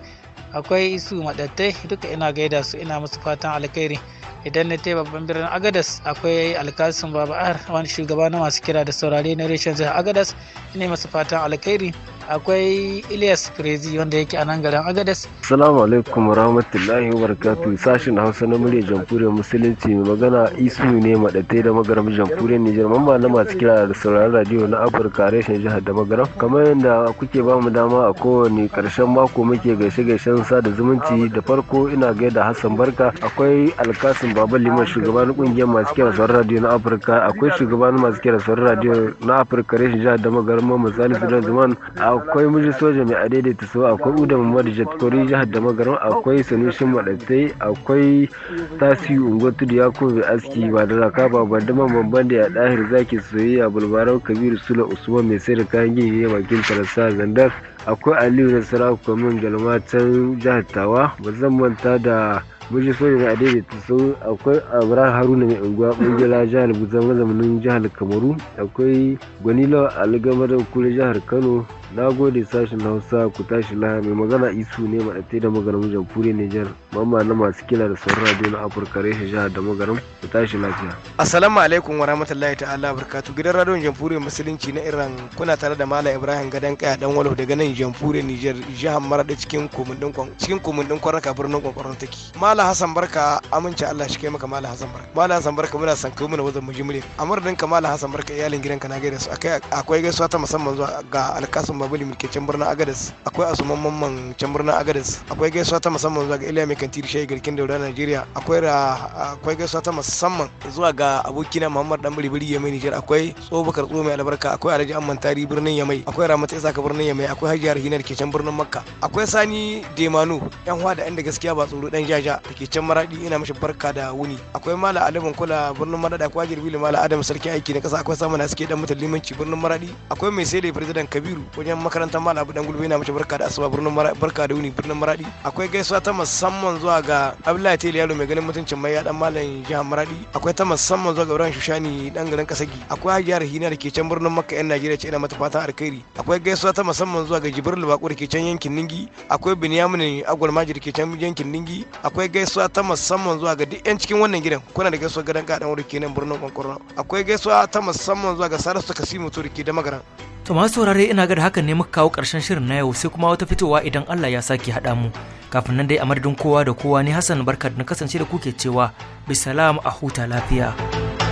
akwai isu madatai duka ina gaida su ina musu fatan alkhairi idan na tai babban birnin agadas akwai alkasin Baba'ar, wani shugaba na masu kira da saurare na reshen jihar agadas ina masu fatan alkhairi akwai Ilyas Crazy wanda yake a nan garin Agadez. Assalamu alaikum wa wabarakatuh sashin Hausa na murya Jamhuriyar Musulunci mai magana isu ne madatai da magaram Jamhuriyar Nijar mamba na masu kira da sauraron radio na Afirka reshen jihar da magaram kamar yadda kuke ba mu dama a kowane karshen mako muke gaishe gaishen sa da zumunci da farko ina gaida Hassan Barka akwai Alkasim Baba Liman shugaban kungiyar masu kira sauraron radio na Afirka akwai shugaban masu kira sauraron radio na Afirka reshen jihar da magaram Mamman Salisu Zaman akwai miji soja mai adaidaita su akwai uda mamadu jatkori jihar da magaran akwai sanushin madatai akwai tasiri ungo tudu ya kobe aski ba da raka ba da mamban da ya dahir zaki soyayya bulbarau kabiru sula usman mai sai da kayan gini ya bakin tarasa zandar akwai aliyu na sarakunan galmatan jihar tawa ba zan manta da muji soja na ta sau akwai abraham haruna mai unguwa bangila jihar buzan zamanin jihar kamaru akwai gwanila da kula jihar kano na gode sashen hausa ku tashi laha mai magana isu ne maɗatai da maganar jamhuriyar nijar mamma na masu kila da sauran radio na Afirka reshe jihar da magarin da tashi lafiya. Assalamu alaikum wa rahmatullahi ta'ala barkatu gidan radio jamhuriyar musulunci na Iran kuna tare da mala Ibrahim Gadan Kaya dan Walo daga nan jamhuriyar Niger jihar Maradi cikin kumundin kwan cikin kumundin kwarraka birnin kwakwaron take. mala Hassan Barka amince Allah shi kai maka mala Hassan Barka. mala Hassan Barka muna san kai muna wajen mujimure mure. Amar din ka mala Hassan Barka iyalin gidan ka na gaida su akai akwai gaisuwa ta musamman zuwa ga alkasun Babali mulke can birnin agadas akwai Asuman Mamman can birnin agadas akwai gaisuwa ta musamman zuwa ga Iliya kantir shayi garkin daura Najeriya akwai akwai gaisuwa ta musamman zuwa ga abokina Muhammad Dan Biribiri Yamai Niger akwai Tsobakar Tso mai albarka akwai Alhaji Amman Tari birnin Yamai akwai Ramata Isaka birnin Yamai akwai Hajiya Rahina da ke can birnin Makka akwai Sani Demanu yan huwa da inda gaskiya ba tsoro dan jaja da ke can maradi ina mashi barka da wuni akwai Mala Alimin Kula birnin Maradi akwai Jirbilu Mala Adam sarki aiki na kasa akwai Samun Haske dan mutan limanci birnin Maradi akwai mai sai da President Kabiru wajen makarantar Mala Abu Dan Gulbe ina mashi barka da asuba birnin barka da wuni birnin Maradi akwai gaisuwa ta musamman musamman zuwa ga Abdullahi Tele Yaro mai ganin mutuncin mai dan malam jihar Maradi akwai ta musamman zuwa ga Ibrahim Shushani dan garin Kasagi akwai Hajiyar Hina da ke can birnin Makka yan Najeriya ce ina mata fatan alkhairi akwai gaisuwa ta musamman zuwa ga Jibril Bako da ke can yankin Ningi akwai Binyamin Agwal Majid da ke can yankin Ningi akwai gaisuwa ta musamman zuwa ga duk yan cikin wannan gidan kuna da gaisuwa dan kaɗan wuri kenan birnin Kwankwarna akwai gaisuwa ta musamman zuwa ga Salisu Kasimu Turki da Magaran To masu saurare ina ga da hakan ne muka kawo ƙarshen shirin na yau sai kuma wata fitowa idan Allah ya sake haɗa mu. Kafin nan dai a madadin kowa da kowa ne Hassan barka na kasance da kuke cewa bisalam a huta lafiya.